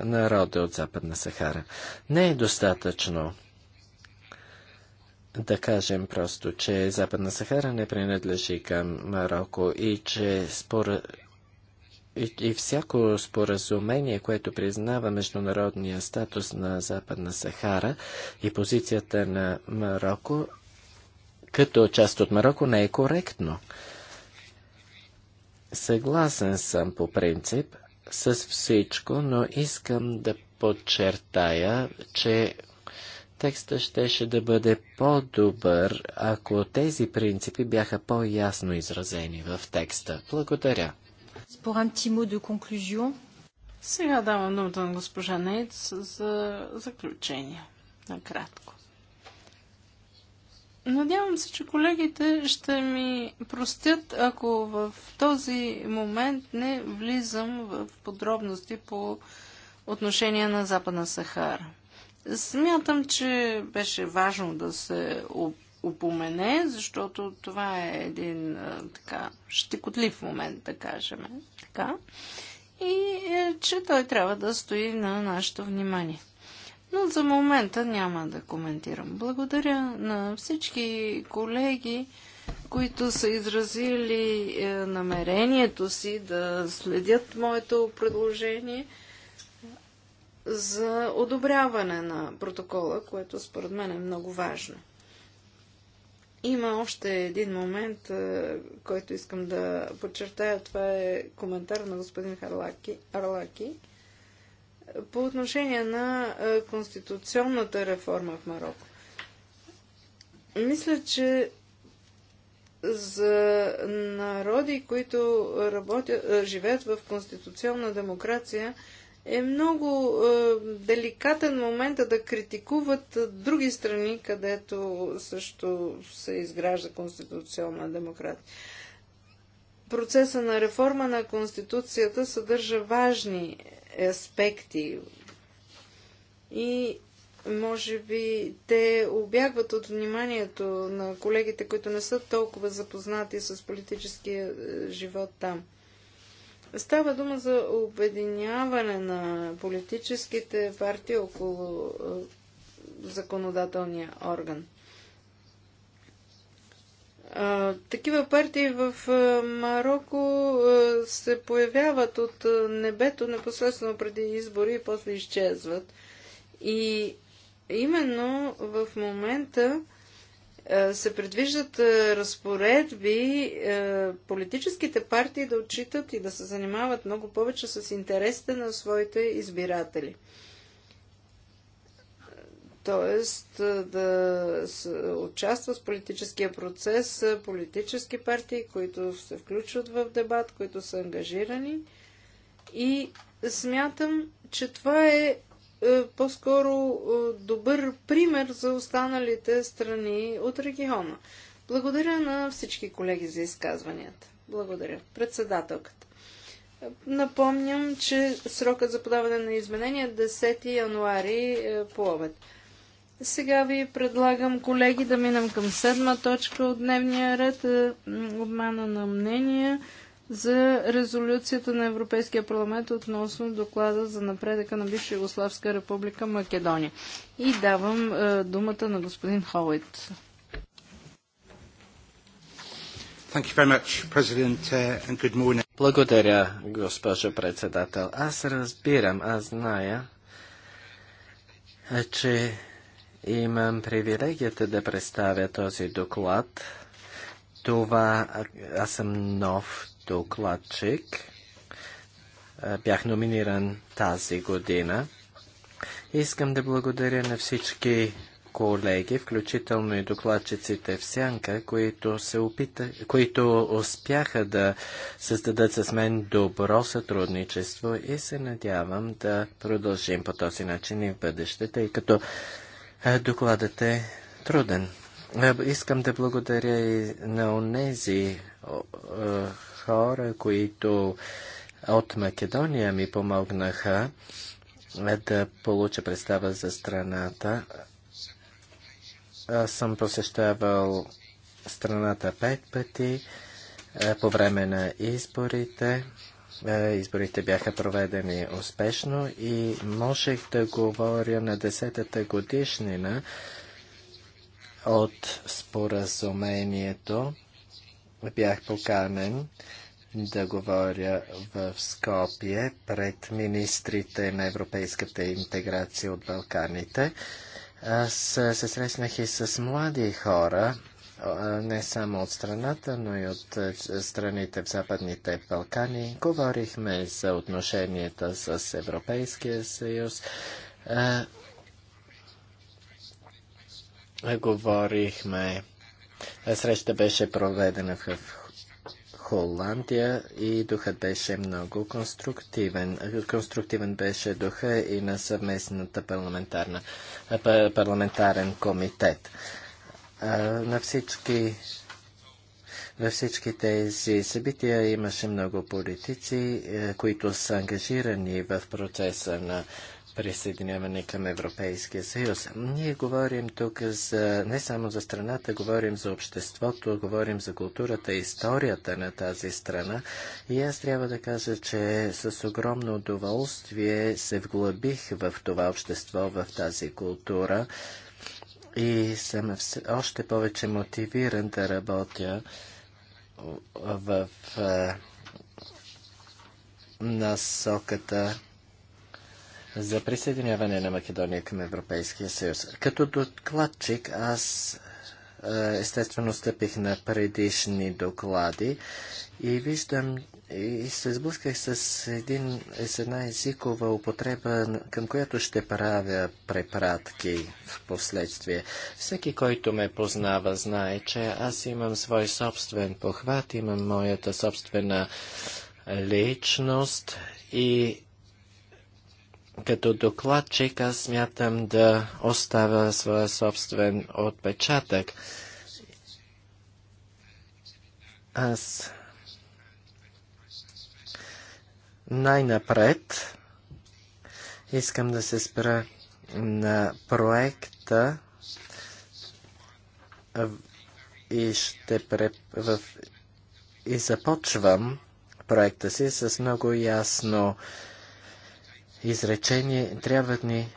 народа от Западна Сахара. Не е достатъчно да кажем просто, че Западна Сахара не принадлежи към Марокко и че спор... и, и всяко споразумение, което признава международния статус на Западна Сахара и позицията на Марокко, като част от Марокко, не е коректно. Съгласен съм по принцип с всичко, но искам да подчертая, че текста щеше да бъде по-добър, ако тези принципи бяха по-ясно изразени в текста. Благодаря. Сега давам думата на госпожа Нейц за заключение. Накратко. Надявам се, че колегите ще ми простят, ако в този момент не влизам в подробности по отношение на Западна Сахара. Смятам, че беше важно да се упомене, защото това е един така щекотлив момент, да кажем. Така. И е, че той трябва да стои на нашето внимание. Но за момента няма да коментирам. Благодаря на всички колеги, които са изразили е, намерението си да следят моето предложение за одобряване на протокола, което според мен е много важно. Има още един момент, е, който искам да подчертая. Това е коментар на господин Харлаки. Арлаки по отношение на е, конституционната реформа в Марокко. Мисля, че за народи, които работят, е, живеят в конституционна демокрация, е много е, деликатен момент е да критикуват други страни, където също се изгражда конституционна демокрация. Процеса на реформа на Конституцията съдържа важни аспекти. И може би те обягват от вниманието на колегите, които не са толкова запознати с политическия е, живот там. Става дума за обединяване на политическите партии около е, законодателния орган. А, такива партии в Марокко се появяват от небето непосредствено преди избори и после изчезват. И именно в момента се предвиждат разпоредби политическите партии да отчитат и да се занимават много повече с интересите на своите избиратели т.е. да участват в политическия процес политически партии, които се включват в дебат, които са ангажирани. И смятам, че това е, е по-скоро е, добър пример за останалите страни от региона. Благодаря на всички колеги за изказванията. Благодаря. Председателката. Напомням, че срокът за подаване на изменения е 10 януари е, по обед. Сега ви предлагам, колеги, да минем към седма точка от дневния ред е, обмана на мнения за резолюцията на Европейския парламент относно доклада за напредъка на бивша Югославска република Македония. И давам е, думата на господин Холит. Much, uh, Благодаря, госпожо председател. Аз разбирам, аз зная, е, че Имам привилегията да представя този доклад. Това, аз съм нов докладчик. Бях номиниран тази година. Искам да благодаря на всички колеги, включително и докладчиците в Сянка, които, се опита, които успяха да създадат с мен добро сътрудничество и се надявам да продължим по този начин и в бъдеще, тъй като е, докладът е труден. Е, искам да благодаря и на онези е, хора, които от Македония ми помогнаха да получа представа за страната. Аз съм посещавал страната пет пъти по време на изборите. Е, изборите бяха проведени успешно и можех да говоря на 10-та годишнина от споразумението. Бях поканен да говоря в Скопие пред министрите на европейската интеграция от Балканите. Аз се срещнах и с млади хора не само от страната, но и от е, страните в Западните Балкани. Говорихме за отношенията с Европейския съюз. Говорихме. Среща беше проведена в Холандия и духът беше много конструктивен. Конструктивен беше духа и на съвместната парламентарна, парламентарен комитет на всички във всички тези събития имаше много политици, е, които са ангажирани в процеса на присъединяване към Европейския съюз. Ние говорим тук за, не само за страната, говорим за обществото, говорим за културата и историята на тази страна. И аз трябва да кажа, че с огромно удоволствие се вглъбих в това общество, в тази култура и съм още повече мотивиран да работя в насоката за присъединяване на Македония към Европейския съюз. Като докладчик аз естествено стъпих на предишни доклади и виждам и се сблъсках с, един, с една езикова употреба, към която ще правя препратки в последствие. Всеки, който ме познава, знае, че аз имам свой собствен похват, имам моята собствена личност и като докладчик аз смятам да оставя своя собствен отпечатък. Аз най-напред искам да се спра на проекта и ще преп... в... и започвам проекта си с много ясно изречение, трябва ни,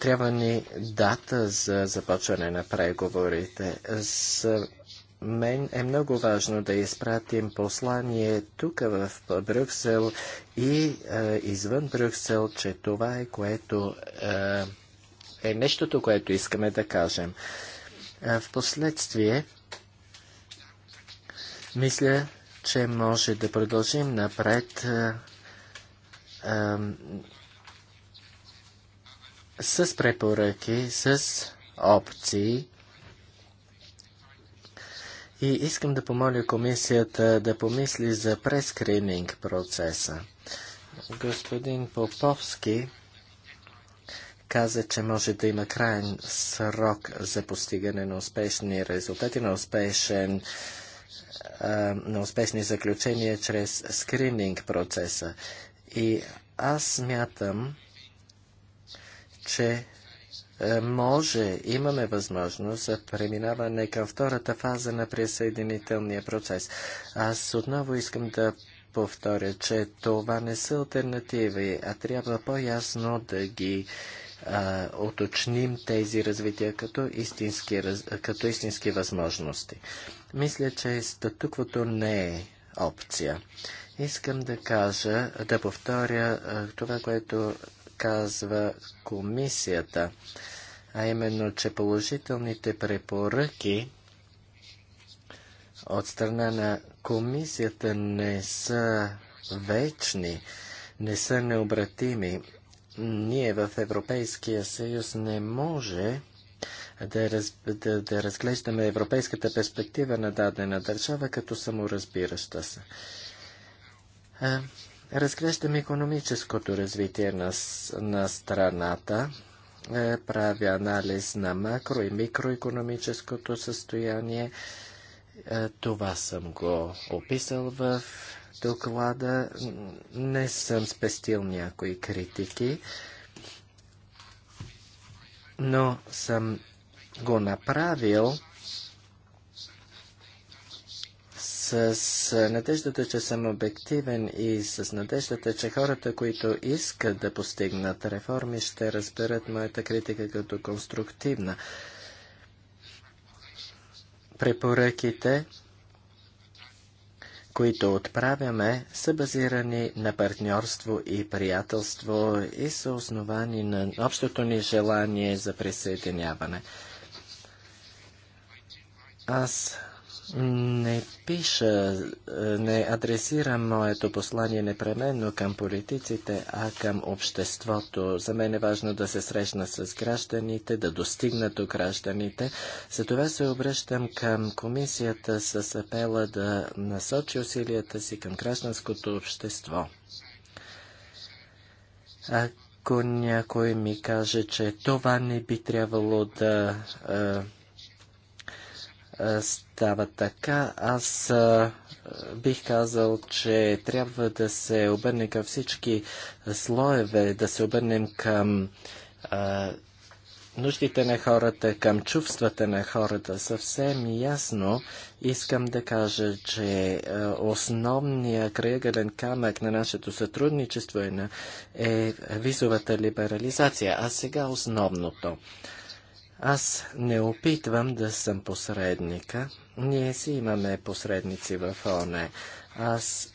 трябва ни дата за започване на преговорите. С мен е много важно да изпратим послание тук в Брюксел и е, извън Брюксел, че това е което е, е нещото, което искаме да кажем. Е, в последствие, мисля, че може да продължим напред. Е, е, с препоръки, с опции. И искам да помоля комисията да помисли за прескрининг процеса. Господин Поповски каза, че може да има крайен срок за постигане на успешни резултати, на, успешен, на успешни заключения чрез скрининг процеса. И аз мятам, че е, може, имаме възможност за преминаване към втората фаза на присъединителния процес. Аз отново искам да повторя, че това не са альтернативи, а трябва по-ясно да ги а, е, уточним тези развития като истински, като истински възможности. Мисля, че статуквото не е опция. Искам да кажа, да повторя е, това, което казва комисията, а именно, че положителните препоръки от страна на комисията не са вечни, не са необратими. Ние в Европейския съюз не може да, раз, да, да разглеждаме европейската перспектива на дадена държава като саморазбираща се. Разглеждам економическото развитие на, на страната, е, правя анализ на макро- и микроекономическото състояние. Е, това съм го описал в доклада. Не съм спестил някои критики, но съм го направил С надеждата, че съм обективен и с надеждата, че хората, които искат да постигнат реформи, ще разберат моята критика като конструктивна. Препоръките, които отправяме, са базирани на партньорство и приятелство и са основани на общото ни желание за присъединяване. Аз не пиша, не адресирам моето послание непременно към политиците, а към обществото. За мен е важно да се срещна с гражданите, да достигна до гражданите. Затова се обръщам към комисията с апела да насочи усилията си към гражданското общество. Ако някой ми каже, че това не би трябвало да... Е, става така. Аз бих казал, че трябва да се обърнем към всички слоеве, да се обърнем към нуждите на хората, към чувствата на хората. Съвсем ясно искам да кажа, че основният крайъгълен камък на нашето сътрудничество е, на, е визовата либерализация, а сега основното. Аз не опитвам да съм посредника. Ние си имаме посредници в ОНЕ. Аз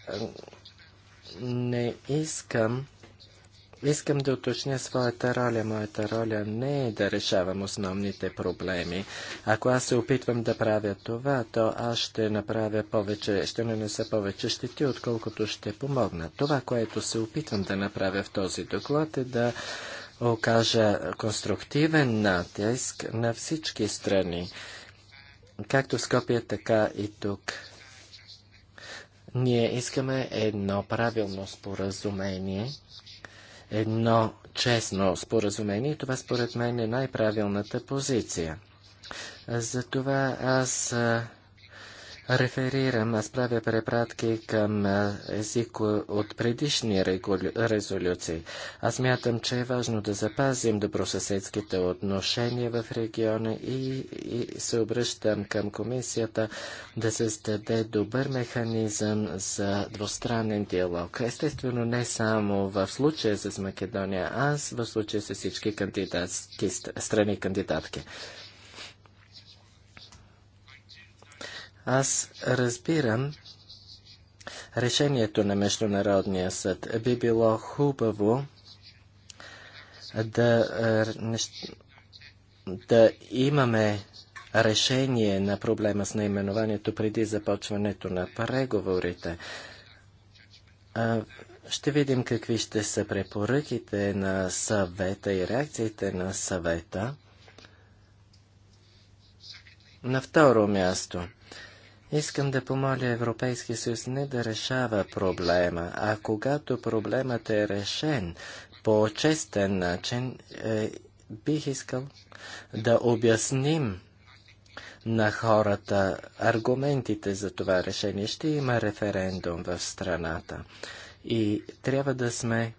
не искам Искам да уточня своята роля. Моята роля не е да решавам основните проблеми. Ако аз се опитвам да правя това, то аз ще направя повече, ще нанеса повече щети, отколкото ще помогна. Това, което се опитвам да направя в този доклад е да окажа конструктивен натиск на всички страни, както в Скопия, така и тук. Ние искаме едно правилно споразумение, едно честно споразумение. Това според мен е най-правилната позиция. Затова аз реферирам, аз правя препратки към език от предишни резолюции. Аз мятам, че е важно да запазим добросъседските отношения в региона и, и се обръщам към комисията да създаде добър механизъм за двустранен диалог. Естествено, не само в случая с Македония, аз в случая с всички кандидатски, страни кандидатки. Аз разбирам решението на Международния съд. Би било хубаво да, е, да имаме решение на проблема с наименованието преди започването на преговорите. Ще видим какви ще са препоръките на съвета и реакциите на съвета. На второ място – Искам да помоля Европейския съюз не да решава проблема, а когато проблемът е решен по честен начин, е, бих искал да обясним на хората аргументите за това решение. Ще има референдум в страната и трябва да сме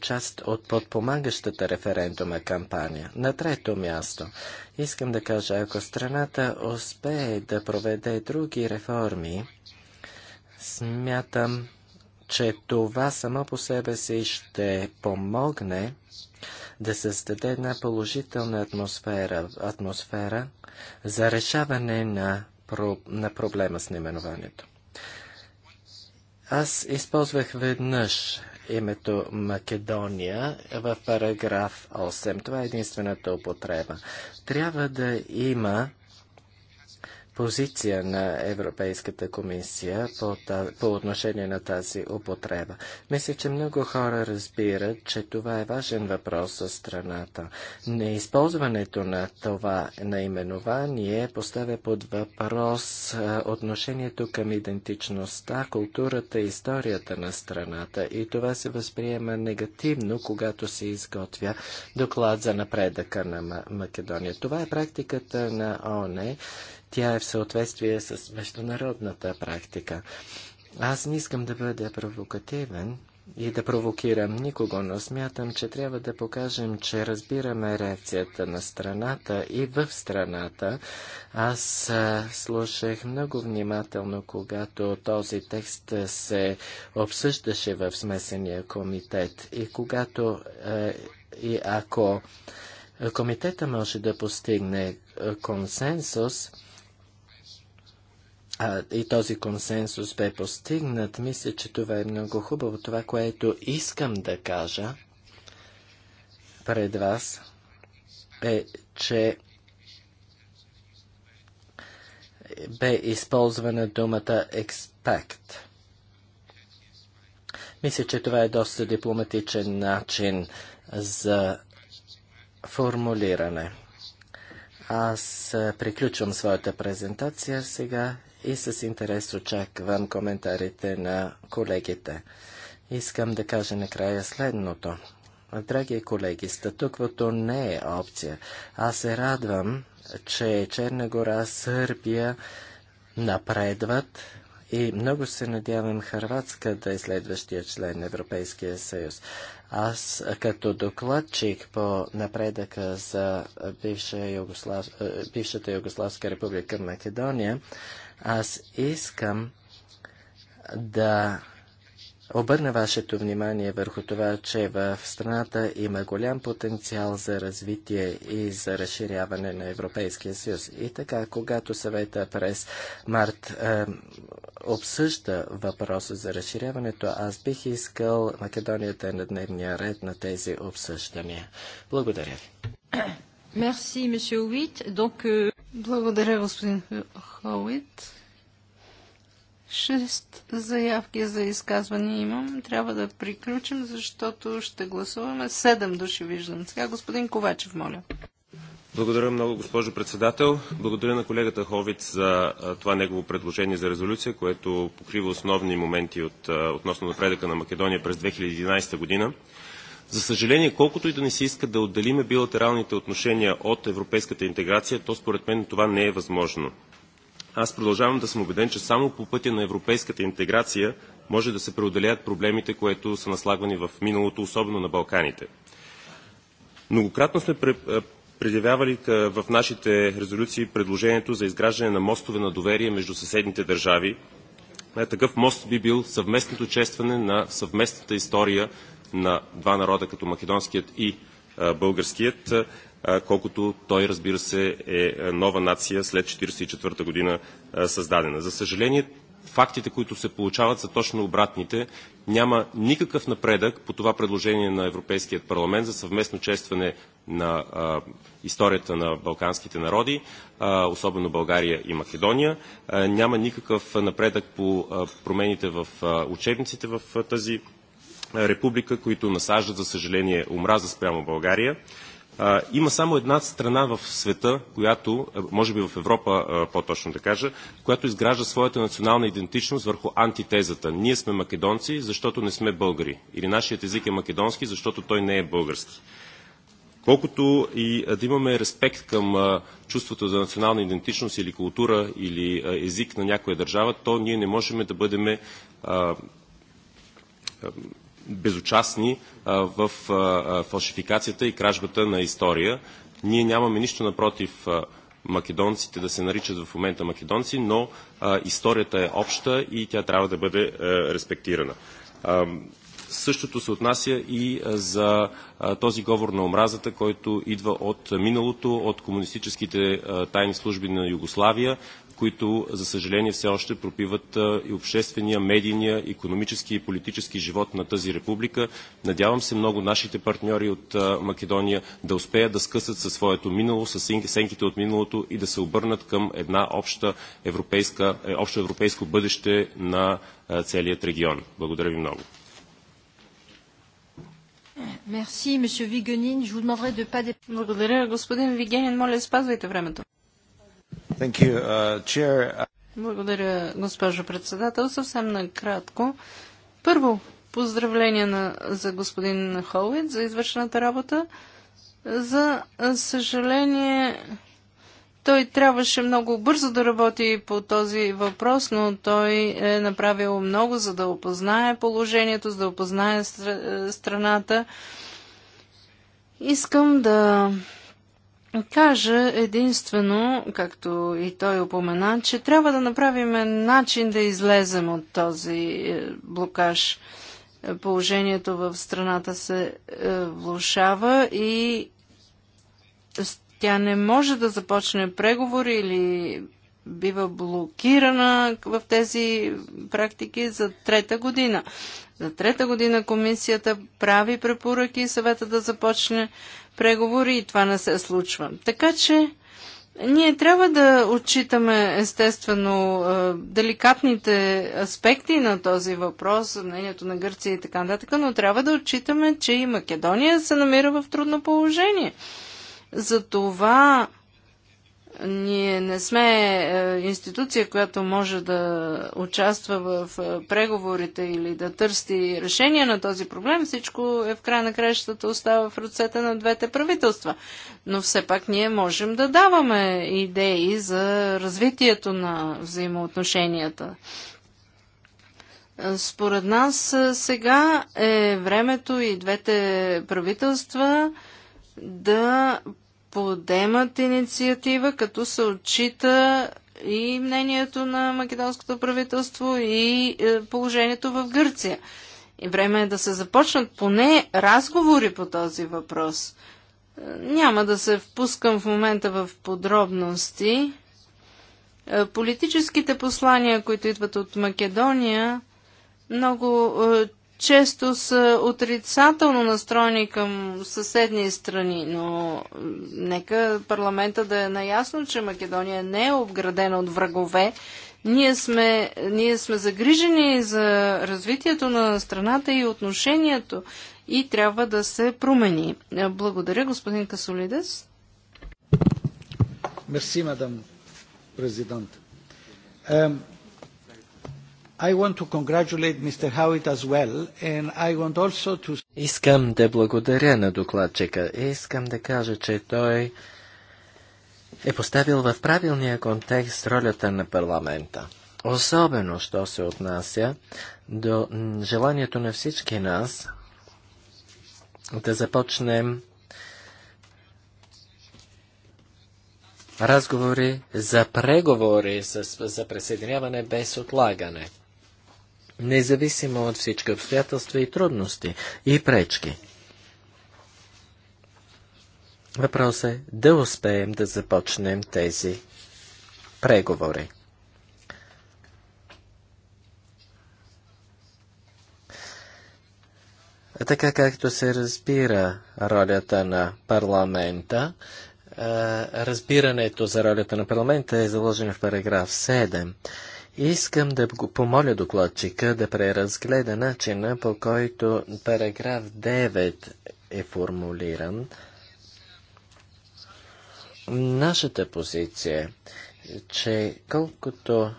част от подпомагащата референдума кампания. На трето място, искам да кажа, ако страната успее да проведе други реформи, смятам, че това само по себе си ще помогне да създаде една положителна атмосфера, атмосфера за решаване на, на проблема с наименованието. Аз използвах веднъж името Македония в параграф 8. Това е единствената употреба. Трябва да има позиция на Европейската комисия по, по отношение на тази употреба. Мисля, че много хора разбират, че това е важен въпрос за страната. Неизползването на това наименование поставя под въпрос отношението към идентичността, културата и историята на страната. И това се възприема негативно, когато се изготвя доклад за напредъка на Македония. Това е практиката на ОНЕ тя е в съответствие с международната практика. Аз не искам да бъда провокативен и да провокирам никого, но смятам, че трябва да покажем, че разбираме реакцията на страната и в страната. Аз слушах много внимателно, когато този текст се обсъждаше в смесения комитет и когато и ако комитета може да постигне консенсус, а, и този консенсус бе постигнат, мисля, че това е много хубаво. Това, което искам да кажа пред вас е, че бе използвана думата expect. Мисля, че това е доста дипломатичен начин за формулиране. Аз приключвам своята презентация сега и с интерес очаквам коментарите на колегите. Искам да кажа накрая следното. Драги колеги, статуквото не е опция. Аз се радвам, че Черна гора, Сърбия напредват и много се надявам Харватска да е следващия член на Европейския съюз. Аз като докладчик по напредъка за бивша Югослав... бившата Югославска република Македония аз искам да обърна вашето внимание върху това, че в страната има голям потенциал за развитие и за разширяване на Европейския съюз. И така, когато съвета през март е, обсъжда въпроса за разширяването, аз бих искал Македонията на дневния ред на тези обсъждания. Благодаря ви. Merci, monsieur Witt. Donc, euh... Благодаря, господин Хоуит. Шест заявки за изказване имам. Трябва да приключим, защото ще гласуваме. Седем души виждам. Сега господин Ковачев, моля. Благодаря много, госпожо председател. Благодаря на колегата Ховиц за това негово предложение за резолюция, което покрива основни моменти от, относно напредъка на Македония през 2011 година. За съжаление, колкото и да не се иска да отделиме билатералните отношения от европейската интеграция, то според мен това не е възможно. Аз продължавам да съм убеден, че само по пътя на европейската интеграция може да се преодолеят проблемите, които са наслагвани в миналото, особено на Балканите. Многократно сме предявявали в нашите резолюции предложението за изграждане на мостове на доверие между съседните държави. Е, такъв мост би бил съвместното честване на съвместната история на два народа, като македонският и българският, колкото той, разбира се, е, е нова нация след 1944 година създадена. За съжаление, фактите, които се получават, са точно обратните. Няма никакъв напредък по това предложение на Европейският парламент за съвместно честване на а, историята на балканските народи, а, особено България и Македония. А, няма никакъв напредък по а, промените в а, учебниците в а, тази република, които насаждат, за съжаление, омраза спрямо България. Има само една страна в света, която, може би в Европа по-точно да кажа, която изгражда своята национална идентичност върху антитезата. Ние сме македонци, защото не сме българи. Или нашият език е македонски, защото той не е български. Колкото и да имаме респект към чувството за национална идентичност или култура или език на някоя държава, то ние не можем да бъдем безучастни в фалшификацията и кражбата на история. Ние нямаме нищо напротив македонците да се наричат в момента македонци, но историята е обща и тя трябва да бъде респектирана. същото се отнася и за този говор на омразата, който идва от миналото, от комунистическите тайни служби на Югославия, които, за съжаление, все още пропиват и обществения, медийния, економически и политически живот на тази република. Надявам се много нашите партньори от Македония да успеят да скъсат със своето минало, с сенките от миналото и да се обърнат към една обща европейска, е, общо европейско бъдеще на целият регион. Благодаря ви много. Благодаря, господин Вигенин. Моля, спазвайте времето. You, uh, Благодаря, госпожо председател. Съвсем накратко. Първо, поздравления на, за господин Холвит за извършената работа. За съжаление, той трябваше много бързо да работи по този въпрос, но той е направил много, за да опознае положението, за да опознае страната. Искам да кажа единствено, както и той упомена, че трябва да направим начин да излезем от този е, блокаж. Положението в страната се е, влушава и тя не може да започне преговори или бива блокирана в тези практики за трета година. За трета година комисията прави препоръки и съвета да започне преговори и това не се случва. Така че ние трябва да отчитаме естествено деликатните аспекти на този въпрос, мнението на Гърция и така нататък, но трябва да отчитаме, че и Македония се намира в трудно положение. Затова това ние не сме е, институция, която може да участва в е, преговорите или да търси решение на този проблем. Всичко е в край на краищата остава в ръцете на двете правителства. Но все пак ние можем да даваме идеи за развитието на взаимоотношенията. Според нас е, сега е времето и двете правителства да подемат инициатива, като се отчита и мнението на македонското правителство и е, положението в Гърция. И време е да се започнат поне разговори по този въпрос. Е, няма да се впускам в момента в подробности. Е, политическите послания, които идват от Македония, много често са отрицателно настроени към съседни страни, но нека парламента да е наясно, че Македония не е обградена от врагове. Ние сме, ние сме загрижени за развитието на страната и отношението и трябва да се промени. Благодаря, господин Касолидес. Мерси, мадам президент. Well, to... Искам да благодаря на докладчика. Искам да кажа, че той е поставил в правилния контекст ролята на парламента. Особено, що се отнася до желанието на всички нас да започнем разговори за преговори за, за присъединяване без отлагане независимо от всички обстоятелства и трудности и пречки. Въпрос е да успеем да започнем тези преговори. Така както се разбира ролята на парламента, разбирането за ролята на парламента е заложено в параграф 7. Искам да го помоля докладчика да преразгледа начина по който параграф 9 е формулиран. Нашата позиция е, че колкото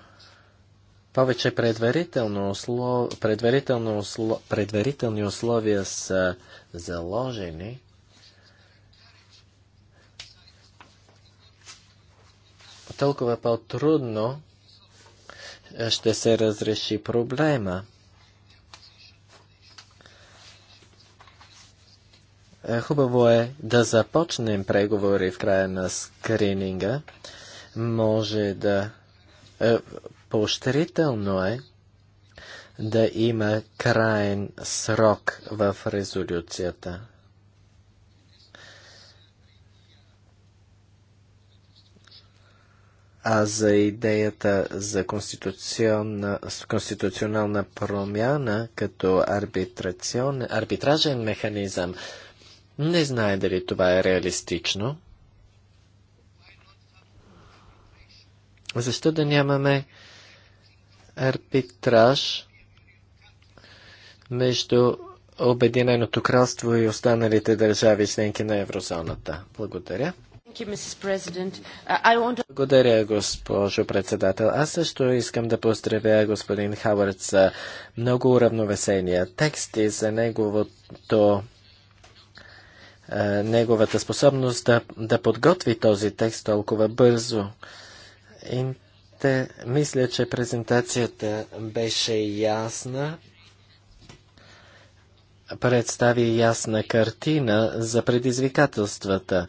повече предварително услов... предварително услов... предварителни условия са заложени, толкова по-трудно ще се разреши проблема. Е, хубаво е да започнем преговори в края на скрининга. Може да... Е, поощрително е да има крайен срок в резолюцията. а за идеята за конституционна, конституционална промяна като арбитражен механизъм. Не знае дали това е реалистично. Защо да нямаме арбитраж между Обединеното кралство и останалите държави членки на еврозоната? Благодаря. Uh, Благодаря, госпожо председател. Аз също искам да поздравя господин Хауърд за много уравновесения текст и за неговото е, неговата способност да, да подготви този текст толкова бързо. те, мисля, че презентацията беше ясна представи ясна картина за предизвикателствата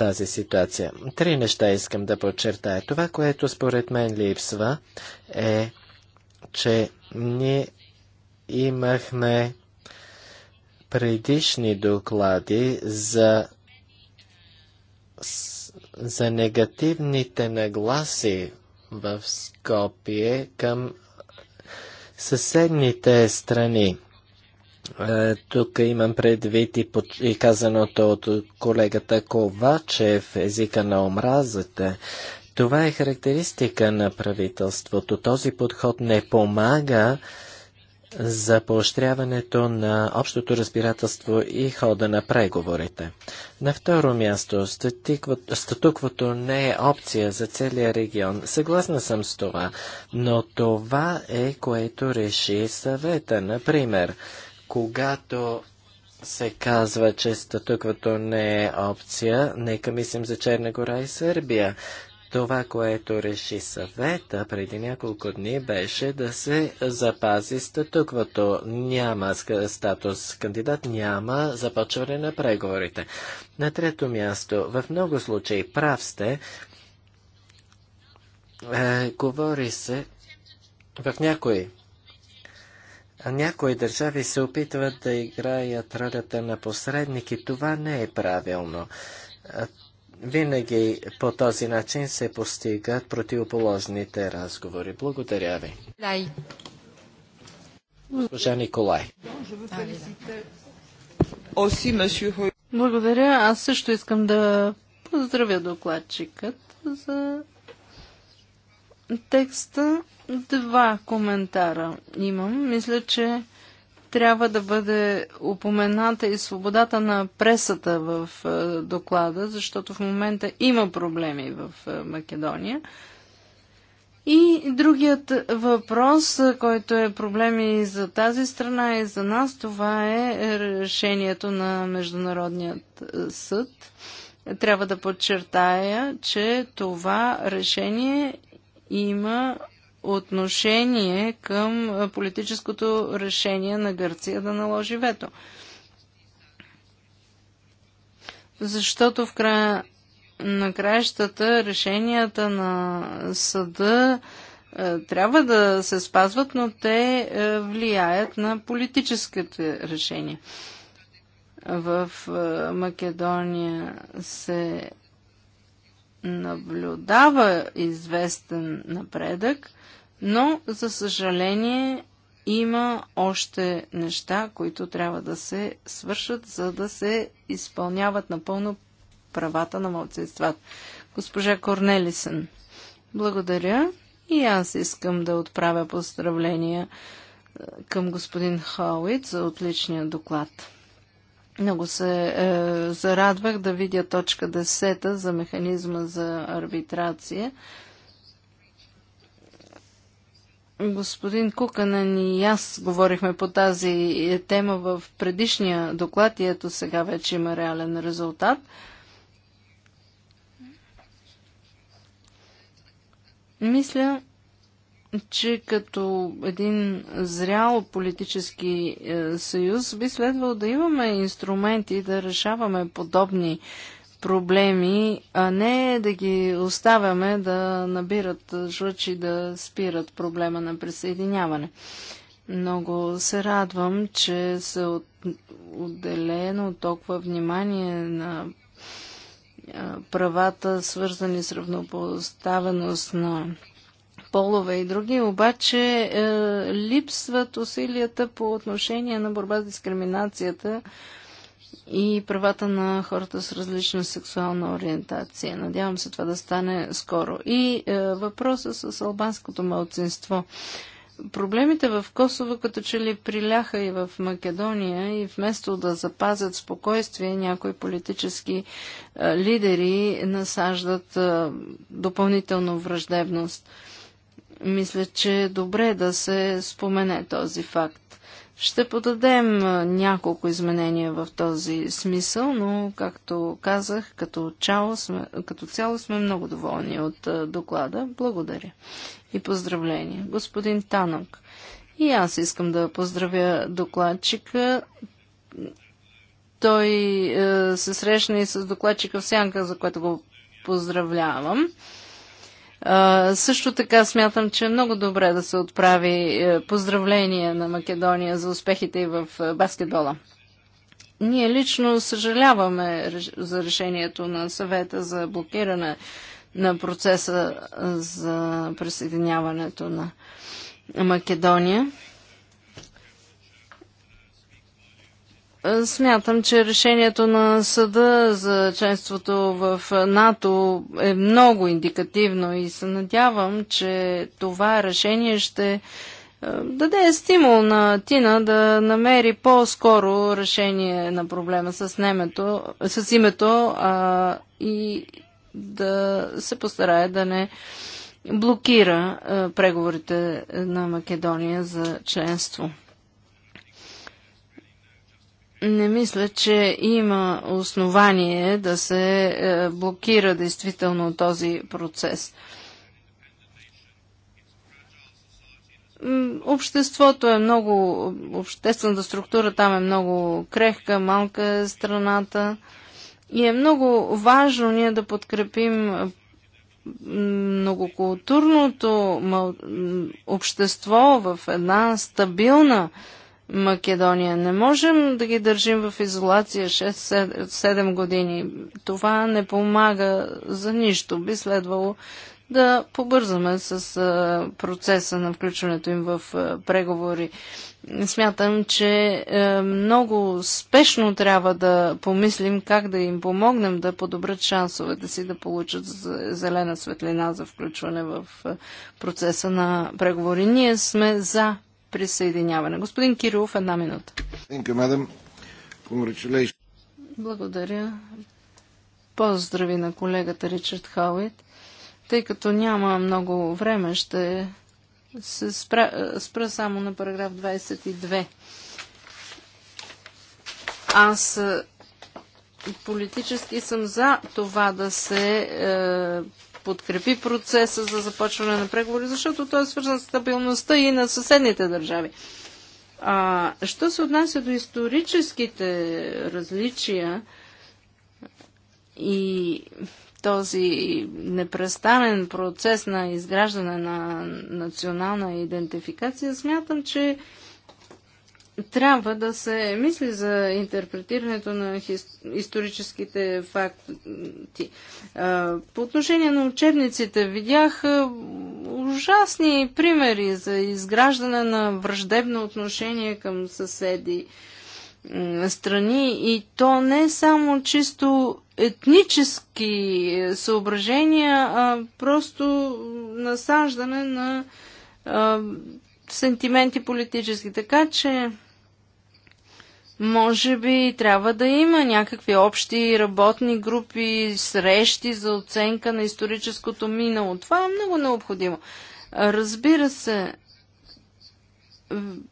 тази ситуация. Три неща искам да подчертая. Това, което според мен липсва, е, че ние имахме предишни доклади за, за негативните нагласи в Скопие към съседните страни. Е, тук имам предвид и, под, и казаното от колегата Ковачев, езика на омразата. Това е характеристика на правителството. Този подход не помага за поощряването на общото разбирателство и хода на преговорите. На второ място, статуквото не е опция за целия регион. Съгласна съм с това, но това е което реши съвета. Например, когато се казва, че статуквото не е опция, нека мислим за Черна гора и Сърбия. Това, което реши съвета преди няколко дни, беше да се запази статуквото. Няма статус кандидат, няма започване на преговорите. На трето място, в много случаи прав сте, е, говори се в някои някои държави се опитват да играят ролята на посредники. Това не е правилно. Винаги по този начин се постигат противоположните разговори. Благодаря ви. Госпожа Николай. Благодаря. Аз също искам да поздравя докладчикът за текста два коментара имам. Мисля, че трябва да бъде упомената и свободата на пресата в е, доклада, защото в момента има проблеми в е, Македония. И другият въпрос, е, който е проблем и за тази страна и за нас, това е решението на Международният съд. Трябва да подчертая, че това решение има отношение към политическото решение на Гърция да наложи вето. Защото в края на краищата решенията на съда трябва да се спазват, но те влияят на политическите решения. В Македония се наблюдава известен напредък, но за съжаление има още неща, които трябва да се свършат, за да се изпълняват напълно правата на младсинствата. Госпожа Корнелисен, благодаря и аз искам да отправя поздравления към господин Хауит за отличния доклад. Много се е, зарадвах да видя точка 10 за механизма за арбитрация. Господин Куканен и аз говорихме по тази тема в предишния доклад и ето сега вече има реален резултат. Мисля, че като един зрял политически е, съюз би следвало да имаме инструменти да решаваме подобни проблеми, а не да ги оставяме да набират жлъч и да спират проблема на присъединяване. Много се радвам, че се от... отделено толкова внимание на правата, свързани с равнопоставеност на полове и други, обаче е, липсват усилията по отношение на борба с дискриминацията и правата на хората с различна сексуална ориентация. Надявам се това да стане скоро. И е, въпроса с албанското малцинство. Проблемите в Косово като че ли приляха и в Македония и вместо да запазят спокойствие, някои политически е, лидери насаждат е, допълнително враждебност. Мисля, че е добре да се спомене този факт. Ще подадем няколко изменения в този смисъл, но, както казах, като, цяло сме, като цяло сме много доволни от доклада. Благодаря и поздравления. Господин Танок, и аз искам да поздравя докладчика. Той е, се срещна и с докладчика в сянка, за което го поздравлявам. А, също така смятам, че е много добре да се отправи е, поздравление на Македония за успехите и в е, баскетбола. Ние лично съжаляваме за решението на съвета за блокиране на процеса за присъединяването на Македония. Е, смятам, че решението на съда за членството в НАТО е много индикативно и се надявам, че това решение ще е, даде стимул на Тина да намери по-скоро решение на проблема с, немето, с името а, и да се постарае да не блокира а, е, преговорите на Македония за членство. Не мисля, че има основание да се е, блокира действително този процес. Обществото е много, обществената структура там е много крехка, малка е страната и е много важно ние да подкрепим многокултурното общество в една стабилна Македония. Не можем да ги държим в изолация 6-7 години. Това не помага за нищо. Би следвало да побързаме с процеса на включването им в преговори. Смятам, че много спешно трябва да помислим как да им помогнем да подобрят шансовете си да получат зелена светлина за включване в процеса на преговори. Ние сме за присъединяване. Господин Кирилов, една минута. Благодаря. Поздрави на колегата Ричард Хауит. Тъй като няма много време, ще се спра, спра само на параграф 22. Аз е, политически съм за това да се е, подкрепи процеса за започване на преговори, защото той е свързан с стабилността и на съседните държави. А, що се отнася до историческите различия и този непрестанен процес на изграждане на национална идентификация, смятам, че трябва да се мисли за интерпретирането на историческите факти. По отношение на учебниците видях ужасни примери за изграждане на враждебно отношение към съседи страни и то не само чисто етнически съображения, а просто насаждане на сентименти политически. Така че може би трябва да има някакви общи работни групи, срещи за оценка на историческото минало. Това е много необходимо. Разбира се,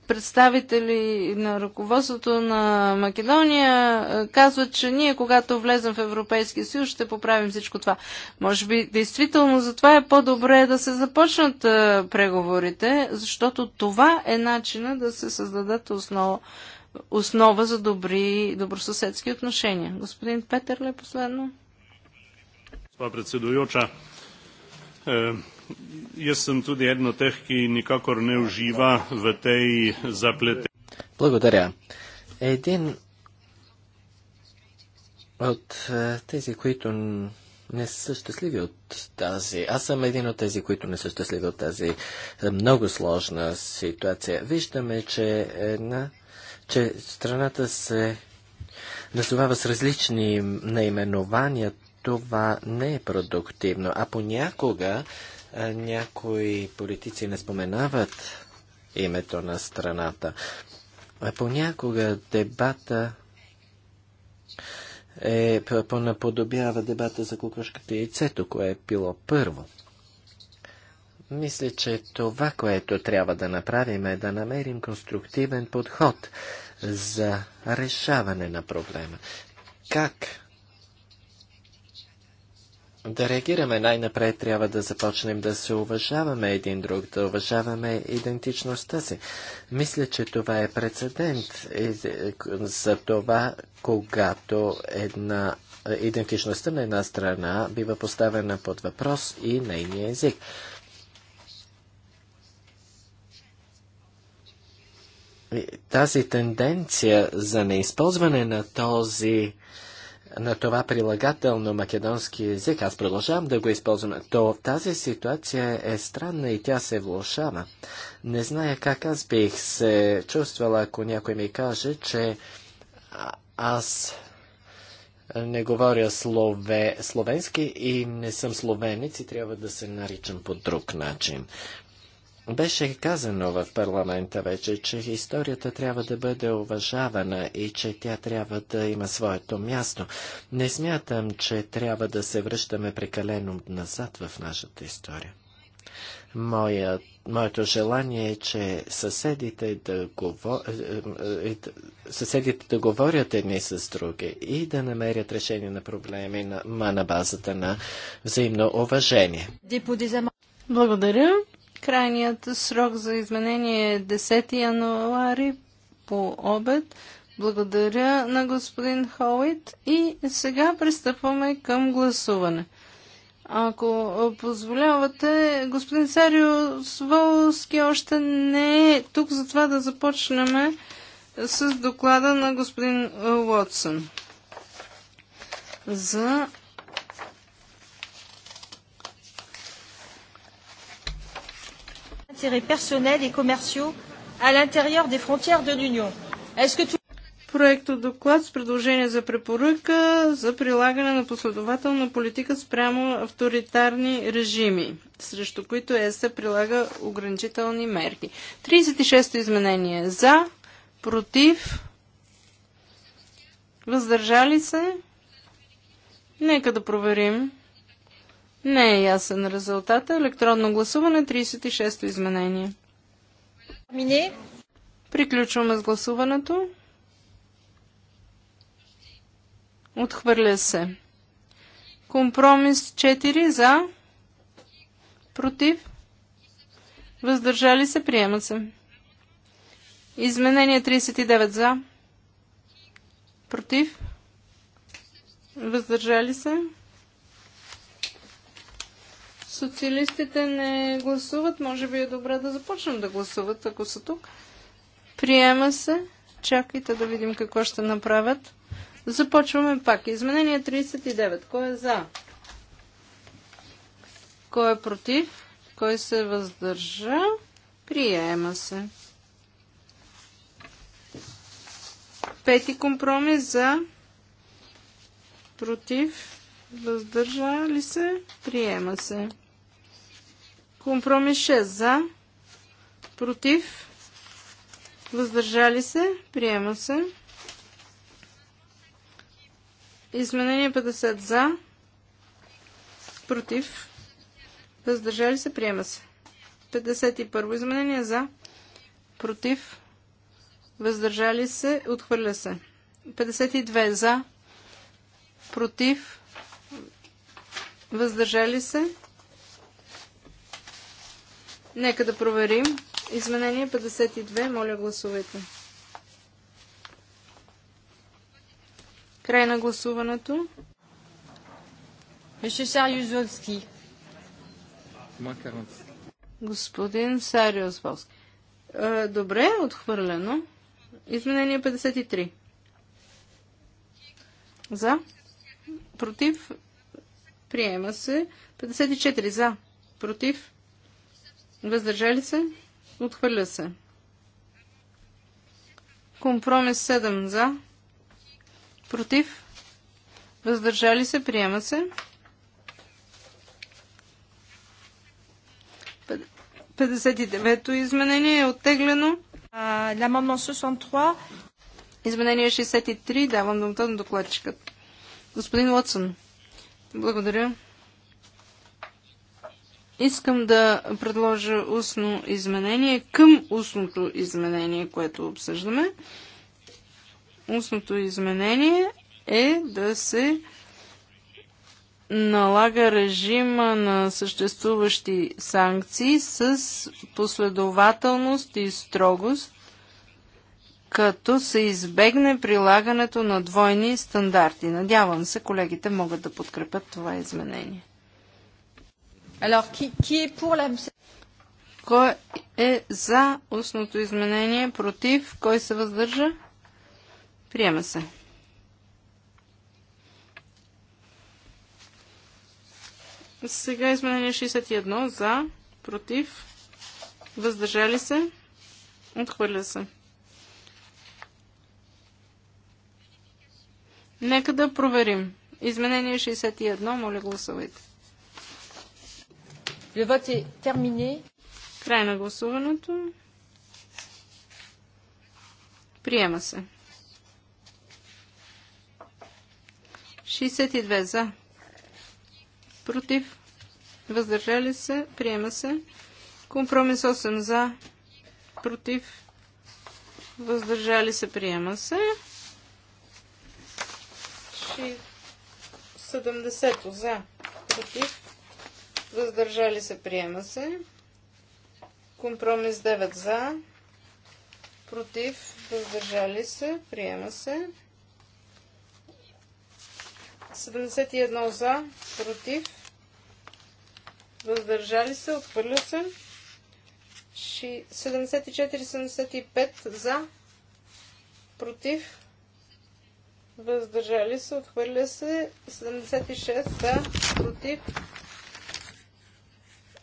представители на ръководството на Македония е, казват, че ние, когато влезем в Европейския съюз, ще поправим всичко това. Може би, действително, за това е по-добре да се започнат е, преговорите, защото това е начина да се създадат основа, основа за добри добросъседски отношения. Господин Петър, ли е последно? Това председуюча. Jaz sem tudi eden od teh, ki nikakor ne uživa v tej zapleteni. Благодаря. Един от е, тези, които не са щастливи от тази. Аз съм един от тези, които не са щастливи от тази е, много сложна ситуация. Виждаме, че, една, че страната се назовава с различни наименования. Това не е продуктивно, а понякога някои политици не споменават името на страната. Понякога дебата е, понаподобява дебата за кукушката и яйцето, кое е било първо. Мисля, че това, което трябва да направим е да намерим конструктивен подход за решаване на проблема. Как да реагираме. Най-напред трябва да започнем да се уважаваме един друг, да уважаваме идентичността си. Мисля, че това е прецедент за това, когато една идентичността на една страна бива поставена под въпрос и нейния език. Тази тенденция за неизползване на този на това прилагателно македонски език, аз продължавам да го използвам, то тази ситуация е странна и тя се влушава. Не зная как аз бих се чувствала, ако някой ми каже, че аз не говоря слове, словенски и не съм словенец и трябва да се наричам по друг начин. Беше казано в парламента вече, че историята трябва да бъде уважавана и че тя трябва да има своето място. Не смятам, че трябва да се връщаме прекалено назад в нашата история. Моя, моето желание е, че съседите да, говор... Е, е, е, съседите да говорят едни с други и да намерят решение на проблеми на, на базата на взаимно уважение. Благодаря. Крайният срок за изменение е 10 януари по обед. Благодаря на господин Холит и сега пристъпваме към гласуване. Ако позволявате, господин Сарио Сволски още не е тук, затова да започнем с доклада на господин Уотсън за intérêts personnels et commerciaux à l'intérieur des frontières de l'Union. Est-ce que tout... Проекто доклад с предложение за препоръка за прилагане на последователна политика спрямо авторитарни режими, срещу които ЕС прилага ограничителни мерки. 36-то изменение е за, против, въздържали се. Нека да проверим. Не е ясен резултата. Електронно гласуване 36-то изменение. Мине. Приключваме с гласуването. Отхвърля се. Компромис 4 за. Против. Въздържали се. Приема се. Изменение 39 за. Против. Въздържали се социалистите не гласуват, може би е добре да започнем да гласуват, ако са тук. Приема се. Чакайте да видим какво ще направят. Започваме пак. Изменение 39. Кой е за? Кой е против? Кой се въздържа? Приема се. Пети компромис за против въздържа ли се? Приема се. Компромис 6 за, против, въздържали се, приема се. Изменение 50 за, против, въздържали се, приема се. 51 изменение за, против, въздържали се, отхвърля се. 52 за, против, въздържали се, Нека да проверим. Изменение 52. Моля, гласувайте. Край на гласуването. Господин Сариус Волски. Е, добре, отхвърлено. Изменение 53. За. Против. Приема се. 54. За. Против. Въздържали се? Отхвърля се. Компромис 7 за. Против. Въздържали се. Приема се. 59-то изменение е оттеглено. Изменение 63. Давам думата на докладчикът. Господин Уотсън. Благодаря. Искам да предложа устно изменение към устното изменение, което обсъждаме. Устното изменение е да се налага режима на съществуващи санкции с последователност и строгост, като се избегне прилагането на двойни стандарти. Надявам се, колегите могат да подкрепят това изменение. Alors, qui, qui est pour la... Кой е за устното изменение? Против? Кой се въздържа? Приема се. Сега изменение 61. За, против, въздържали се, отхвърля се. Нека да проверим. Изменение 61. Моля гласувайте. Le vote est terminé. Край на гласуването. Приема се. 62 за. Против. Въздържали се. Приема се. Компромис 8 за. Против. Въздържали се. Приема се. 70 за. Против въздържали се, приема се. Компромис 9 за, против, въздържали се, приема се. 71 за, против, въздържали се, отхвърля се. 74-75 за, против, въздържали се, отхвърля се. 76 за, против,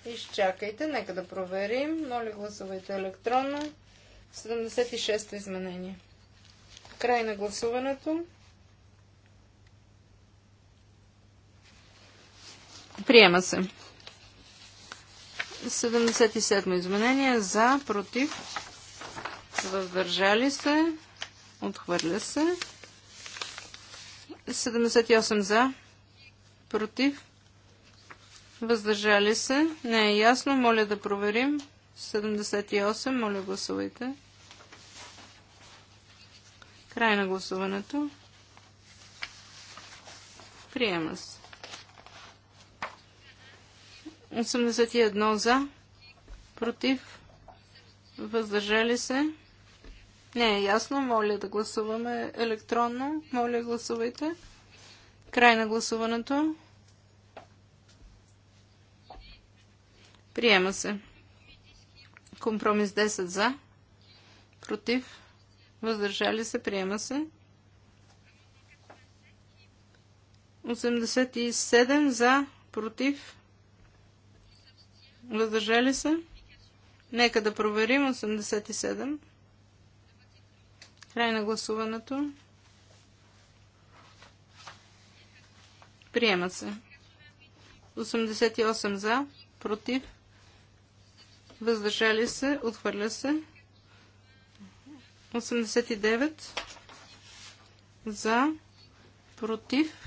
Изчакайте, нека да проверим. Моля, гласувайте електронно. 76-то изменение. Край на гласуването. Приема се. 77 изменение за, против, въздържали се, отхвърля се. 78 за, против, Въздържали се? Не е ясно. Моля да проверим. 78. Моля гласувайте. Край на гласуването. Приема се. 81 за. Против. Въздържали се. Не е ясно. Моля да гласуваме електронно. Моля гласувайте. Край на гласуването. Приема се. Компромис 10 за. Против. Въздържали се. Приема се. 87 за. Против. Въздържали се. Нека да проверим 87. Край на гласуването. Приема се. 88 за, против, въздържали се, отхвърля се. 89 за, против,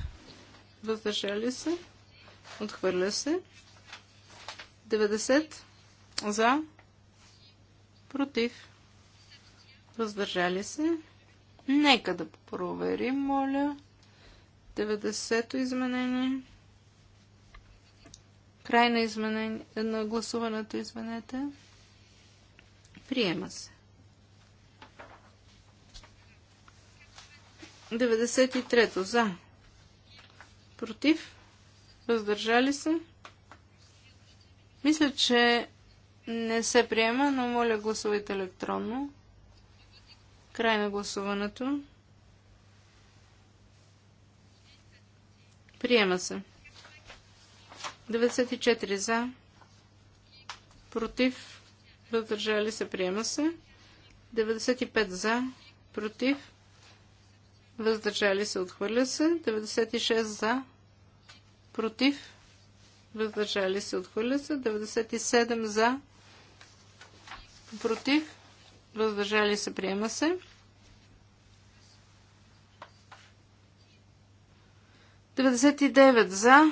въздържали се, отхвърля се. 90 за, против, въздържали се. Нека да проверим, моля. 90-то изменение. Край на, изменен... на гласуването, извинете. Приема се. 93-то за. Против. Въздържали се. Мисля, че не се приема, но моля гласувайте електронно. Край на гласуването. Приема се. 94 за, против, въздържали се, приема се. 95 за, против, въздържали се, отхвърля се. 96 за, против, въздържали се, отхвърля се. 97 за, против, въздържали се, приема се. 99 за,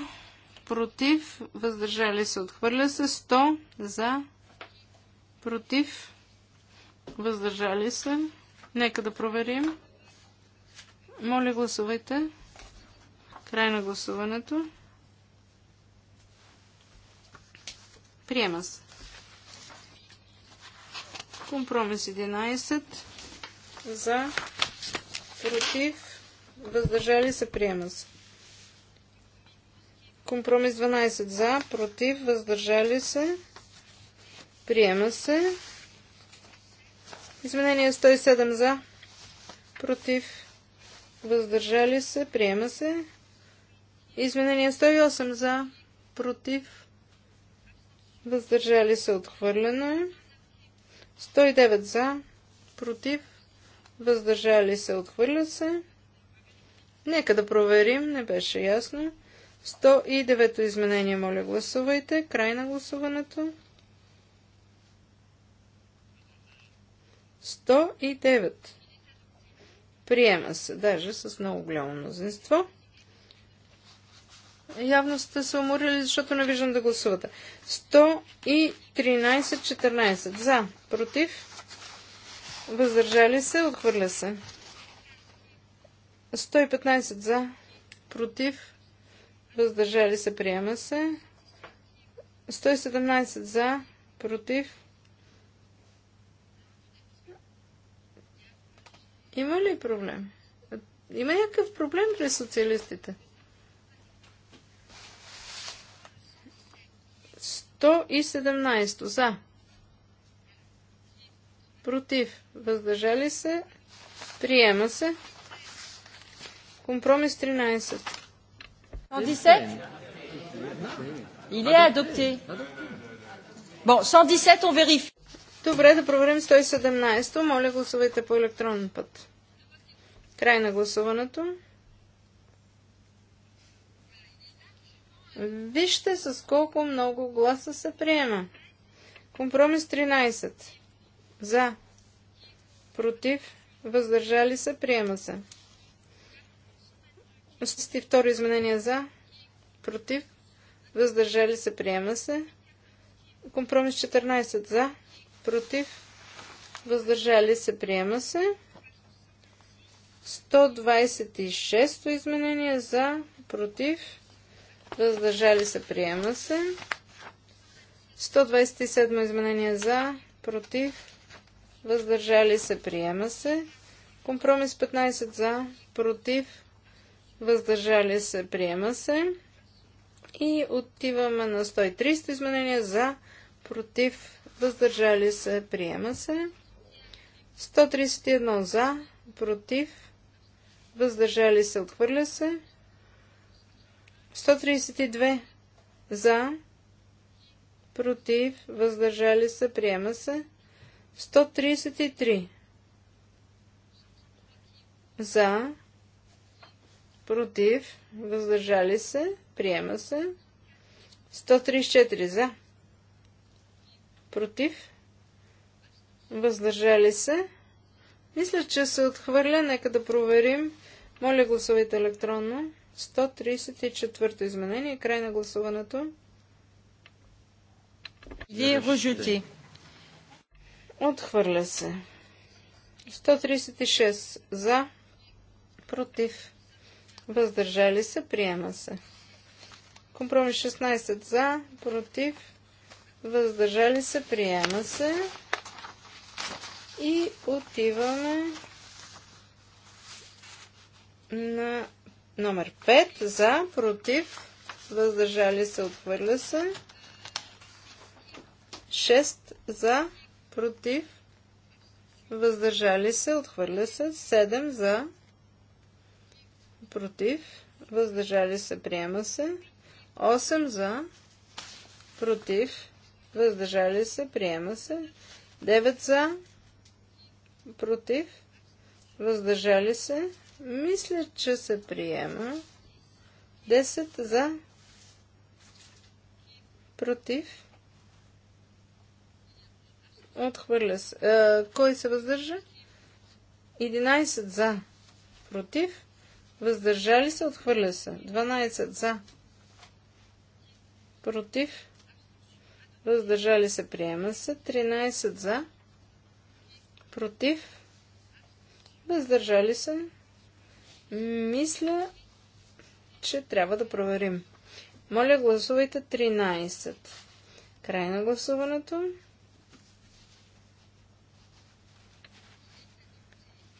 против, въздържали се, отхвърля се. 100 за, против, въздържали се. Нека да проверим. Моля, гласувайте. Край на гласуването. Приема се. Компромис 11 за, против, въздържали се, приема се. Компромис 12 за, против, въздържали се. Приема се. Изменение 107 за, против, въздържали се. Приема се. Изменение 108 за, против, въздържали се. Отхвърлено е. 109 за, против, въздържали се. Отхвърля се. Нека да проверим, не беше ясно. 109-то изменение, моля гласувайте. Край на гласуването. 109. Приема се, даже с много голямо мнозинство. Явно сте се уморили, защото не виждам да гласувате. 113-14. За. Против. Въздържали се. Отхвърля се. 115 за. Против въздържали се, приема се. 117 за, против. Има ли проблем? Има някакъв проблем при социалистите? 117 за. Против. Въздържали се. Приема се. Компромис 13. 117 Il est adopté. Bon, 117, on vérifie. Добре, да проверим 117. Моля, гласувайте по електронен път. Край на гласуването. Вижте с колко много гласа се приема. Компромис 13. За. Против. Въздържали се. Приема се. 62 изменение за, против, въздържали се, приема се. Компромис 14 за, против, въздържали се, приема се. 126 изменение за, против, въздържали се, приема се. 127 изменение за, против, въздържали се, приема се. Компромис 15 за, против, въздържали се, приема се. И отиваме на 130 изменения за, против, въздържали се, приема се. 131 за, против, въздържали се, отхвърля се. 132 за, против, въздържали се, приема се. 133 за, против, въздържали се, приема се. 134 за, против, въздържали се. Мисля, че се отхвърля. Нека да проверим. Моля, гласувайте електронно. 134 изменение. Край на гласуването. Или рожути. Отхвърля се. 136 за, против, въздържали се, приема се. Компромис 16 за, против, въздържали се, приема се. И отиваме на номер 5 за, против, въздържали се, отхвърля се. 6 за, против, въздържали се, отхвърля се. 7 за, против, против, въздържали се, приема се. 8 за, против, въздържали се, приема се. 9 за, против, въздържали се, мисля, че се приема. 10 за, против, отхвърля се. Е, кой се въздържа? 11 за, против, Въздържали се, отхвърля се. 12 за. Против. Въздържали се, приема се. 13 за. Против. Въздържали се. Мисля, че трябва да проверим. Моля, гласувайте 13. Край на гласуването.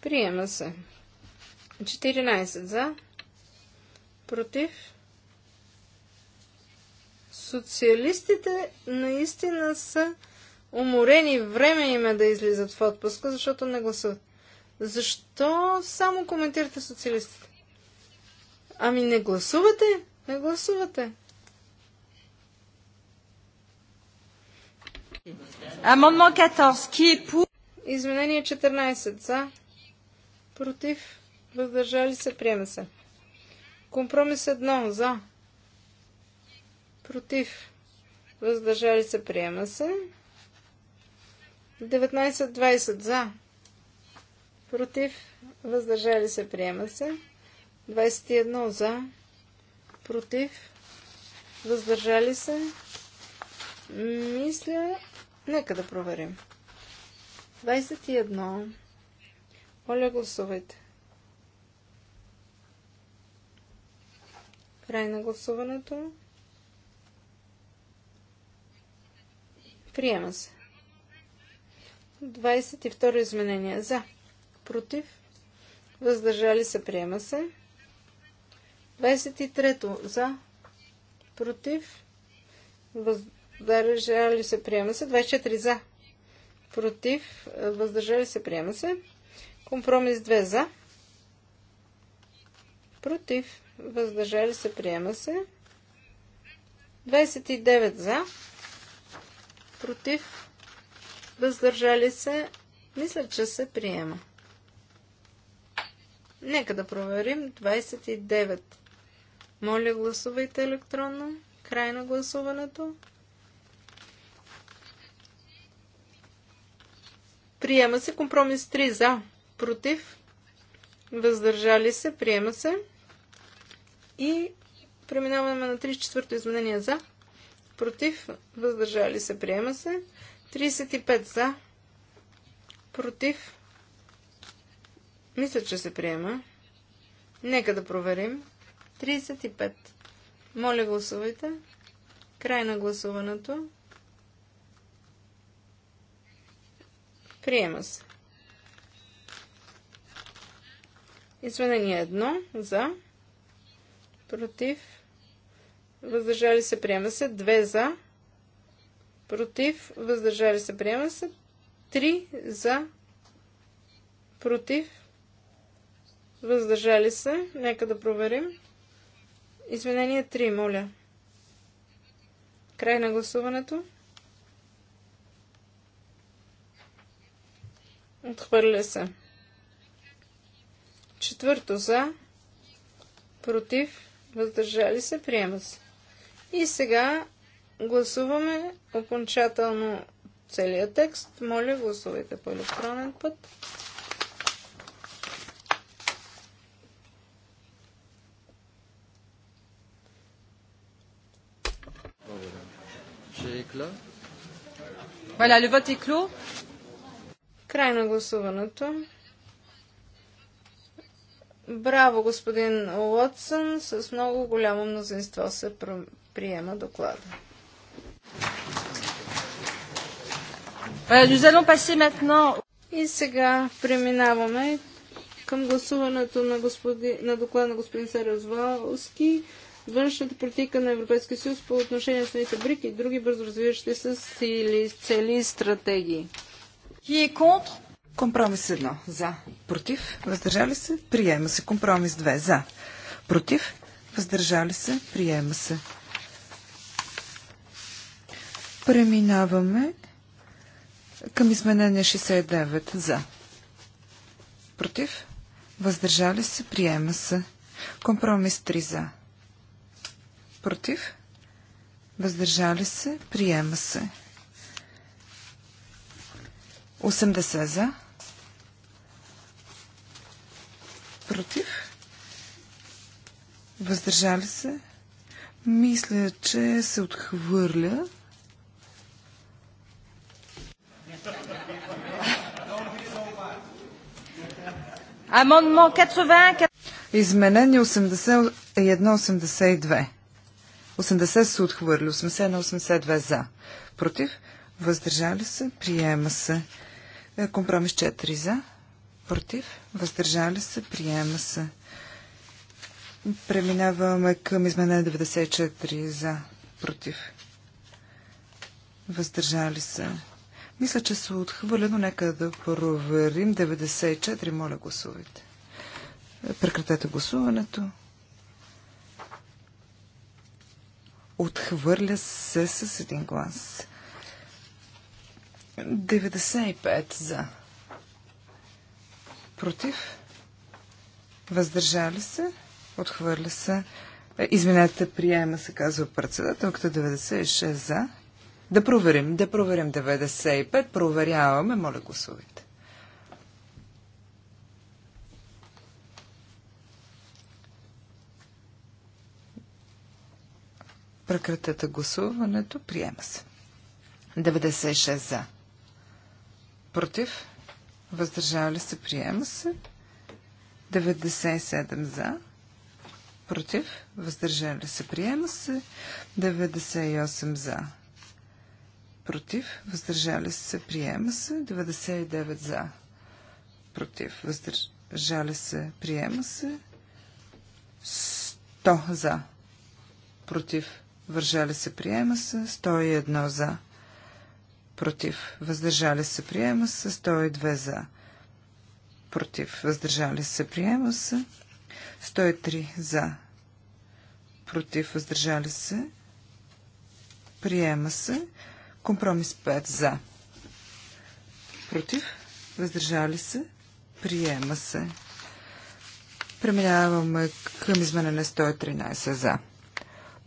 Приема се. 14 за, против. Социалистите наистина са уморени. Време им е да излизат в отпуска, защото не гласуват. Защо само коментирате социалистите? Ами не гласувате? Не гласувате. Амонмент 14. Изменение 14 за. Против въздържали се, приема се. Компромис 1 за, против, въздържали се, приема се. 19-20 за, против, въздържали се, приема се. 21 за, против, въздържали се. Мисля, нека да проверим. 21. Оля, гласувайте. Край на гласуването. Приема се. 22 изменение. За. Против. Въздържали се. Приема се. 23 За. Против. Въздържали се. Приема се. 24 за. Против. Въздържали се. Приема се. Компромис 2 за. Против въздържали се, приема се. 29 за, против, въздържали се, мисля, че се приема. Нека да проверим. 29. Моля, гласувайте електронно. Край на гласуването. Приема се компромис 3 за, против, въздържали се, приема се. И преминаваме на 34-то изменение за, против, въздържали се, приема се. 35 за, против, мисля, че се приема. Нека да проверим. 35. Моля, гласувайте. Край на гласуването. Приема се. Изменение 1 за против, въздържали се, приема се. 2 за, против, въздържали се, приема се. 3 за, против, въздържали се. Нека да проверим. Изменение 3, моля. Край на гласуването. Отхвърля се. Четвърто за, против, въздържали се, приема се. И сега гласуваме окончателно целият текст. Моля, гласувайте по електронен път. Е Край на гласуването. Браво, господин Уотсън. С много голямо мнозинство се приема доклада. Е, и сега преминаваме към гласуването на, господи, на доклад на господин Саразвалски външната политика на Европейския съюз по отношение на страните БРИК и други бързо развиващи се сили, цели и стратегии. Qui est contre Компромис 1. За. Против. Въздържали се. Приема се. Компромис 2. За. Против. Въздържали се. Приема се. Преминаваме към изменение 69. За. Против. Въздържали се. Приема се. Компромис 3. За. Против. Въздържали се. Приема се. 80 за. Против? Въздържали се? Мисля, че се отхвърля. Амонмо 80. 81-82. 80 се отхвърли, 81-82 за. Против? Въздържали се? Приема се. Компромис 4 за против, въздържали се, приема се. Преминаваме към изменение 94 за, против, въздържали се. Мисля, че се отхвърля, но нека да проверим. 94, моля гласувайте. Прекратете гласуването. Отхвърля се с един глас. 95 за против, въздържали се, отхвърля се. Е, извинете, приема се, казва председателката, 96 за. Да проверим, да проверим 95, проверяваме, моля гласовите. Прекратете гласуването, приема се. 96 за. Против? въздържали се, приема се. 97 за, против, въздържали се, приема се. 98 за, против, въздържали се, приема се. 99 за, против, въздържали се, приема се. 100 за, против, въздържали се, приема се. 101 за, против, въздържали се, приема се, 102 за, против, въздържали се, приема се, 103 за, против, въздържали се, приема се, компромис 5 за, против, въздържали се, приема се. Преминаваме към изменене 113 за.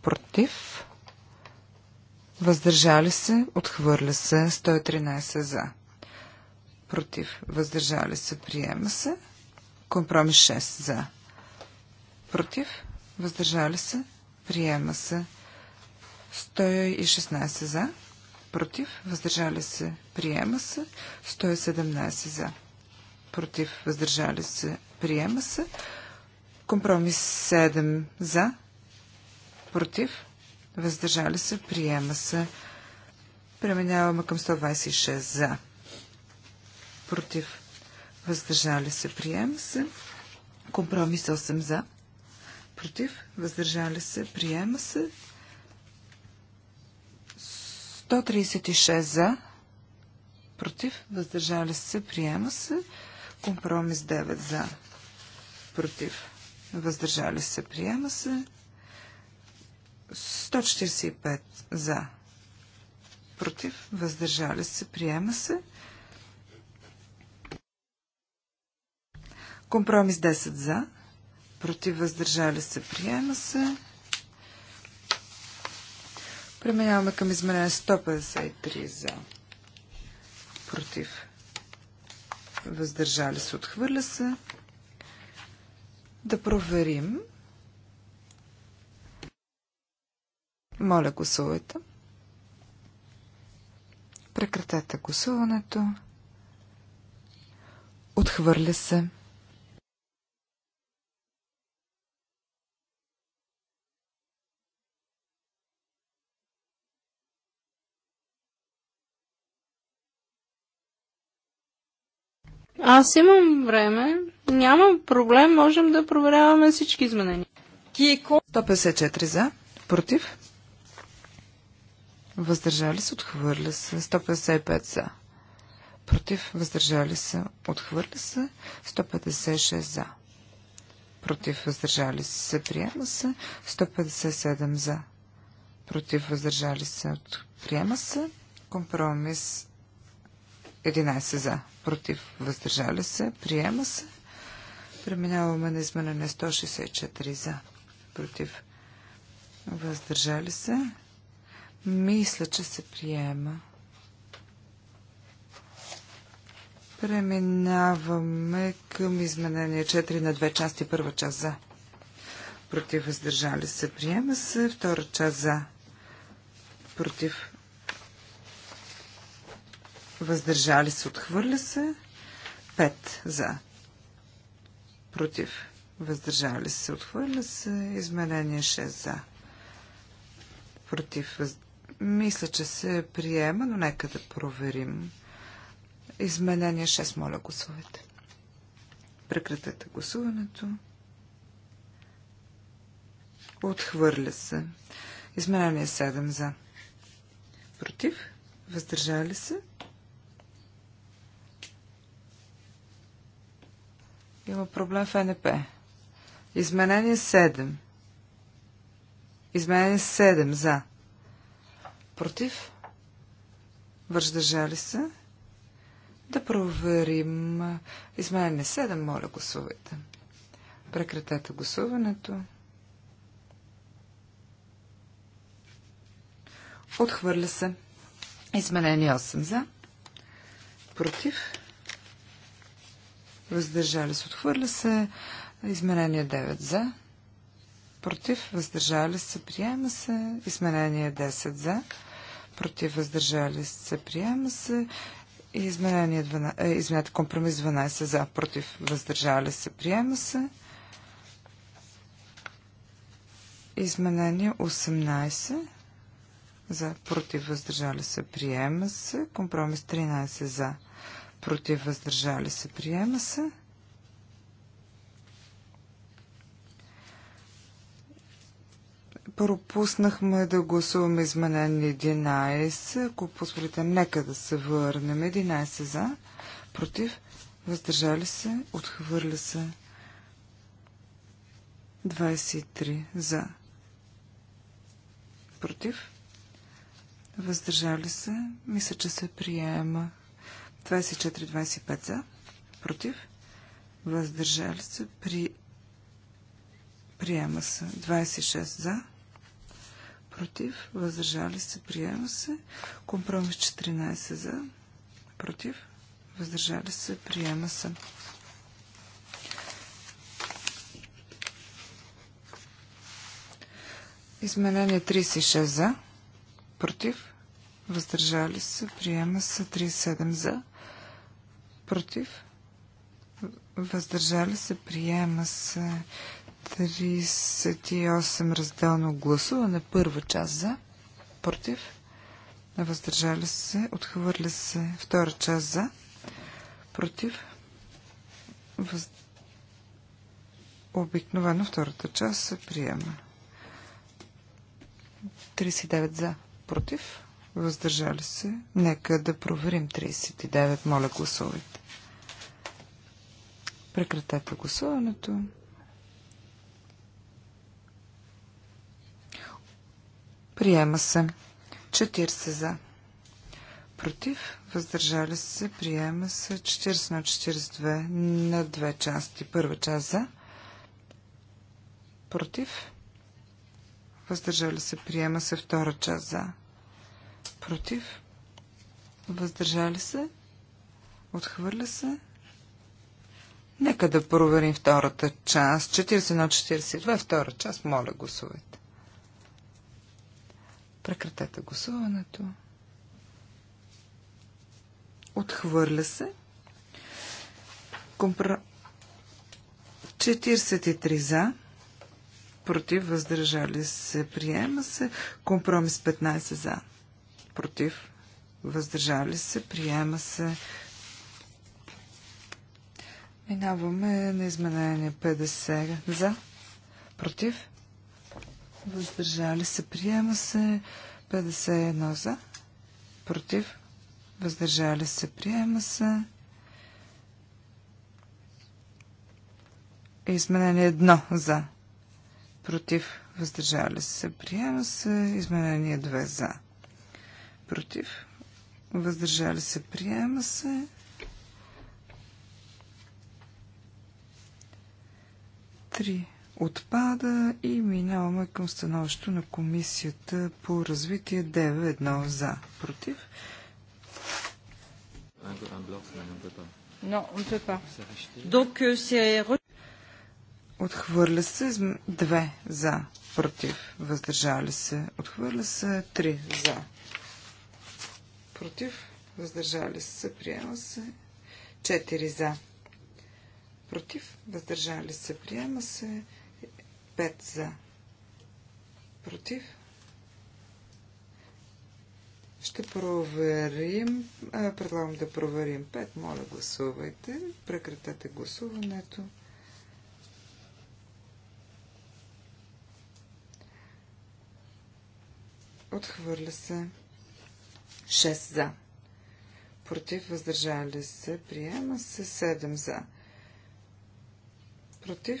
Против. Въздържали се, отхвърля се, 113 за. Против, въздържали се, приема се. Компромис 6 за. Против, въздържали се, приема се. 116 за. Против, въздържали се, приема се. 117 за. Против, въздържали се, приема се. Компромис 7 за. Против, въздържали се, приема се. Преминаваме към 126 за, против, въздържали се, приема се. Компромис 8 за, против, въздържали се, приема се. 136 за, против, въздържали се, приема се. Компромис 9 за, против, въздържали се, приема се. 145 за. Против. Въздържали се. Приема се. Компромис 10 за. Против. Въздържали се. Приема се. Преминаваме към изменение 153 за. Против. Въздържали се. Отхвърля се. Да проверим. Моля, гласувайте. Прекратете гласуването. Отхвърля се. Аз имам време. Няма проблем. Можем да проверяваме всички изменения. Кико. Е 154 за. Против въздържали се, отхвърля се, 155 за. Против, въздържали се, отхвърля се, 156 за. Против, въздържали се, приема се, 157 за. Против, въздържали се, приема се, компромис 11 за. Против, въздържали се, приема се. Преминаваме на изменение 164 за. Против, въздържали се, мисля, че се приема. Преминаваме към изменение 4 на две части. Първа част за. Против въздържали се. Приема се. Втора част за. Против въздържали се. Отхвърля се. 5 за. Против въздържали се. Отхвърля се. Изменение 6 за. Против въздържали мисля, че се приема, но нека да проверим. Изменение 6, моля гласувайте. Прекратете гласуването. Отхвърля се. Изменение 7 за. Против? Въздържали се? Има проблем в НП. Изменение 7. Изменение 7 за. Против? Въздържали се? Да проверим. Изменение 7, моля гласувайте. Прекратете гласуването. Отхвърля се. Изменение 8 за. Против. Въздържали се. Отхвърля се. Изменение 9 за. Против. Въздържали се. Приема се. Изменение 10 за против, въздържали се, приема се. И изменение 12, е, компромис 12 за, против, въздържали се, приема се. Изменение 18 за, против, въздържали се, приема се. Компромис 13 за, против, въздържали се, приема се. Пропуснахме да гласуваме изменен 11. Ако позволите, нека да се върнем. 11 за, против, въздържали се, отхвърля се. 23 за, против, въздържали се, мисля, че се приема. 24-25 за, против, въздържали се, при... приема се. 26 за, против, въздържали се, приема се. Компромис 14 за, против, въздържали се, приема се. Изменение 36 за, против, въздържали се, приема се 37 за, против, въздържали се, приема се 38 разделно гласуване. Първа част за, против, въздържали се, отхвърля се. Втора част за, против, въз... обикновено втората част се приема. 39 за, против, въздържали се. Нека да проверим 39. Моля, гласувайте. Прекратете гласуването. Приема се. 40 за. Против. Въздържали се. Приема се. 40 на 42 на две части. Първа част за. Против. Въздържали се. Приема се. Втора част за. Против. Въздържали се. Отхвърля се. Нека да проверим втората част. 41-42, втора част. Моля, гласувайте. Прекратете гласуването. Отхвърля се. Компра... 43 за. Против. Въздържали се. Приема се. Компромис 15 за. Против. Въздържали се. Приема се. Минаваме на изменение 50 за. Против. Въздържали се. Приема се. 51 за. Против. Въздържали се. Приема се. Изменение едно за. Против. Въздържали се. Приема се. Изменение 2 за. Против. Въздържали се. Приема се. Три отпада и минаваме към становището на комисията по развитие 9-1 за. Против? Euh, Отхвърля се 2 за. Против? Въздържали се. Отхвърля се 3 за. Против? Въздържали се. Приема се 4 за. Против? Въздържали се. Приема се 5 за. Против. Ще проверим. А, предлагам да проверим 5. Моля, гласувайте. Прекратете гласуването. Отхвърля се. 6 за. Против въздържали се. Приема се 7 за. Против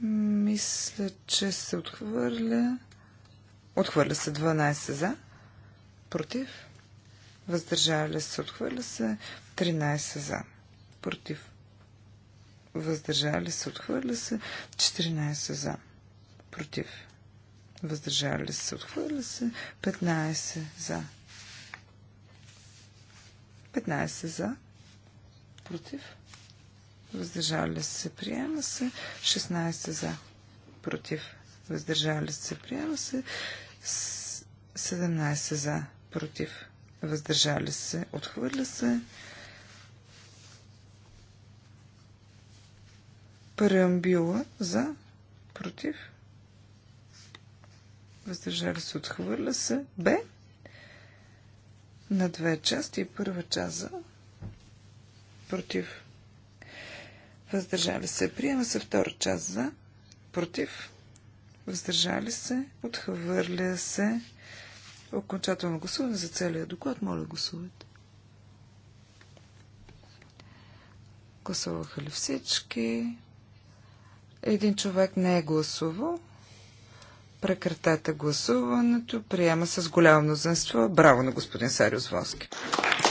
мисля, че се отхвърля. Отхвърля се 12 за. Против. Въздържали се. Отхвърля се 13 за. Против. Въздържали се. Отхвърля се 14 за. Против. Въздържали се. Отхвърля се 15 за. 15 за. Против въздържали се, приема се. 16 за, против, въздържали се, приема се. 17 за, против, въздържали се, отхвърля се. Преамбюла за, против, въздържали се, отхвърля се. Б. На две части. Първа част за, против, Въздържали се. Приема се втора част за. Против. Въздържали се. Отхвърля се. Окончателно гласуване за целия доклад. Моля, гласувайте. Гласуваха ли всички? Един човек не е гласувал. Прекратете гласуването. Приема с голямо мнозинство. Браво на господин Сариус Воски.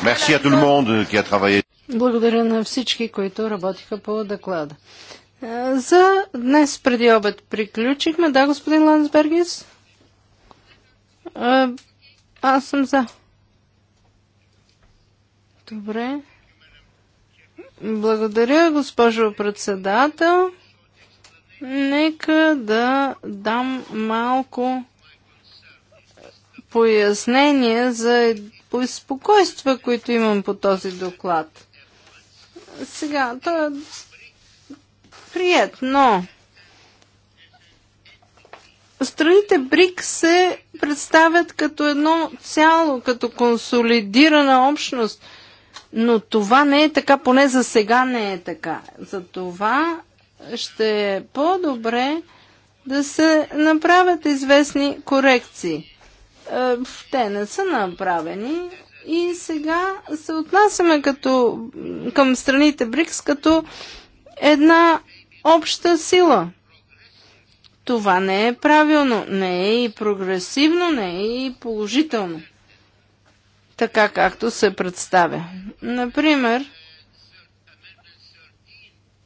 Merci à tout благодаря на всички, които работиха по доклада. За днес преди обед приключихме. Да, господин Лансбергис? Аз съм за. Добре. Благодаря, госпожо председател. Нека да дам малко пояснение за е- спокойства, които имам по този доклад. Сега, то е прият, но страните БРИК се представят като едно цяло, като консолидирана общност. Но това не е така, поне за сега не е така. За това ще е по-добре да се направят известни корекции. Е, те не са направени, и сега се отнасяме като, към страните БРИКС като една обща сила. Това не е правилно, не е и прогресивно, не е и положително. Така както се представя. Например,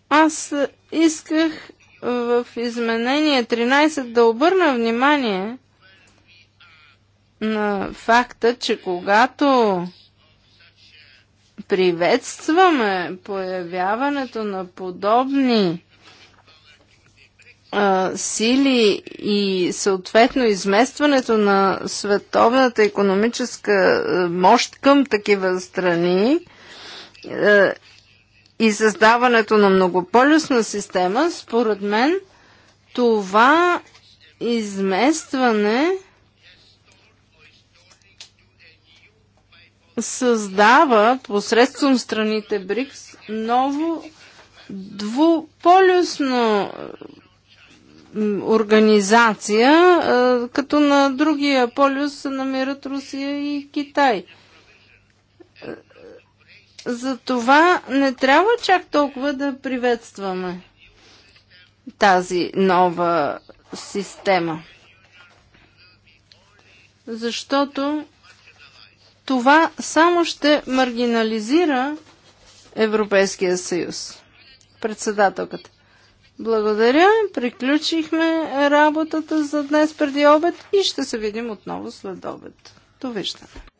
аз исках в изменение 13 да обърна внимание – на факта, че когато приветстваме появяването на подобни а, сили и съответно изместването на световната економическа мощ към такива страни а, и създаването на многополюсна система, според мен това изместване създава посредством страните БРИКС ново двуполюсно организация, като на другия полюс се намират Русия и Китай. За това не трябва чак толкова да приветстваме тази нова система. Защото това само ще маргинализира Европейския съюз. Председателката. Благодаря. Приключихме работата за днес преди обед и ще се видим отново след обед. Довиждане.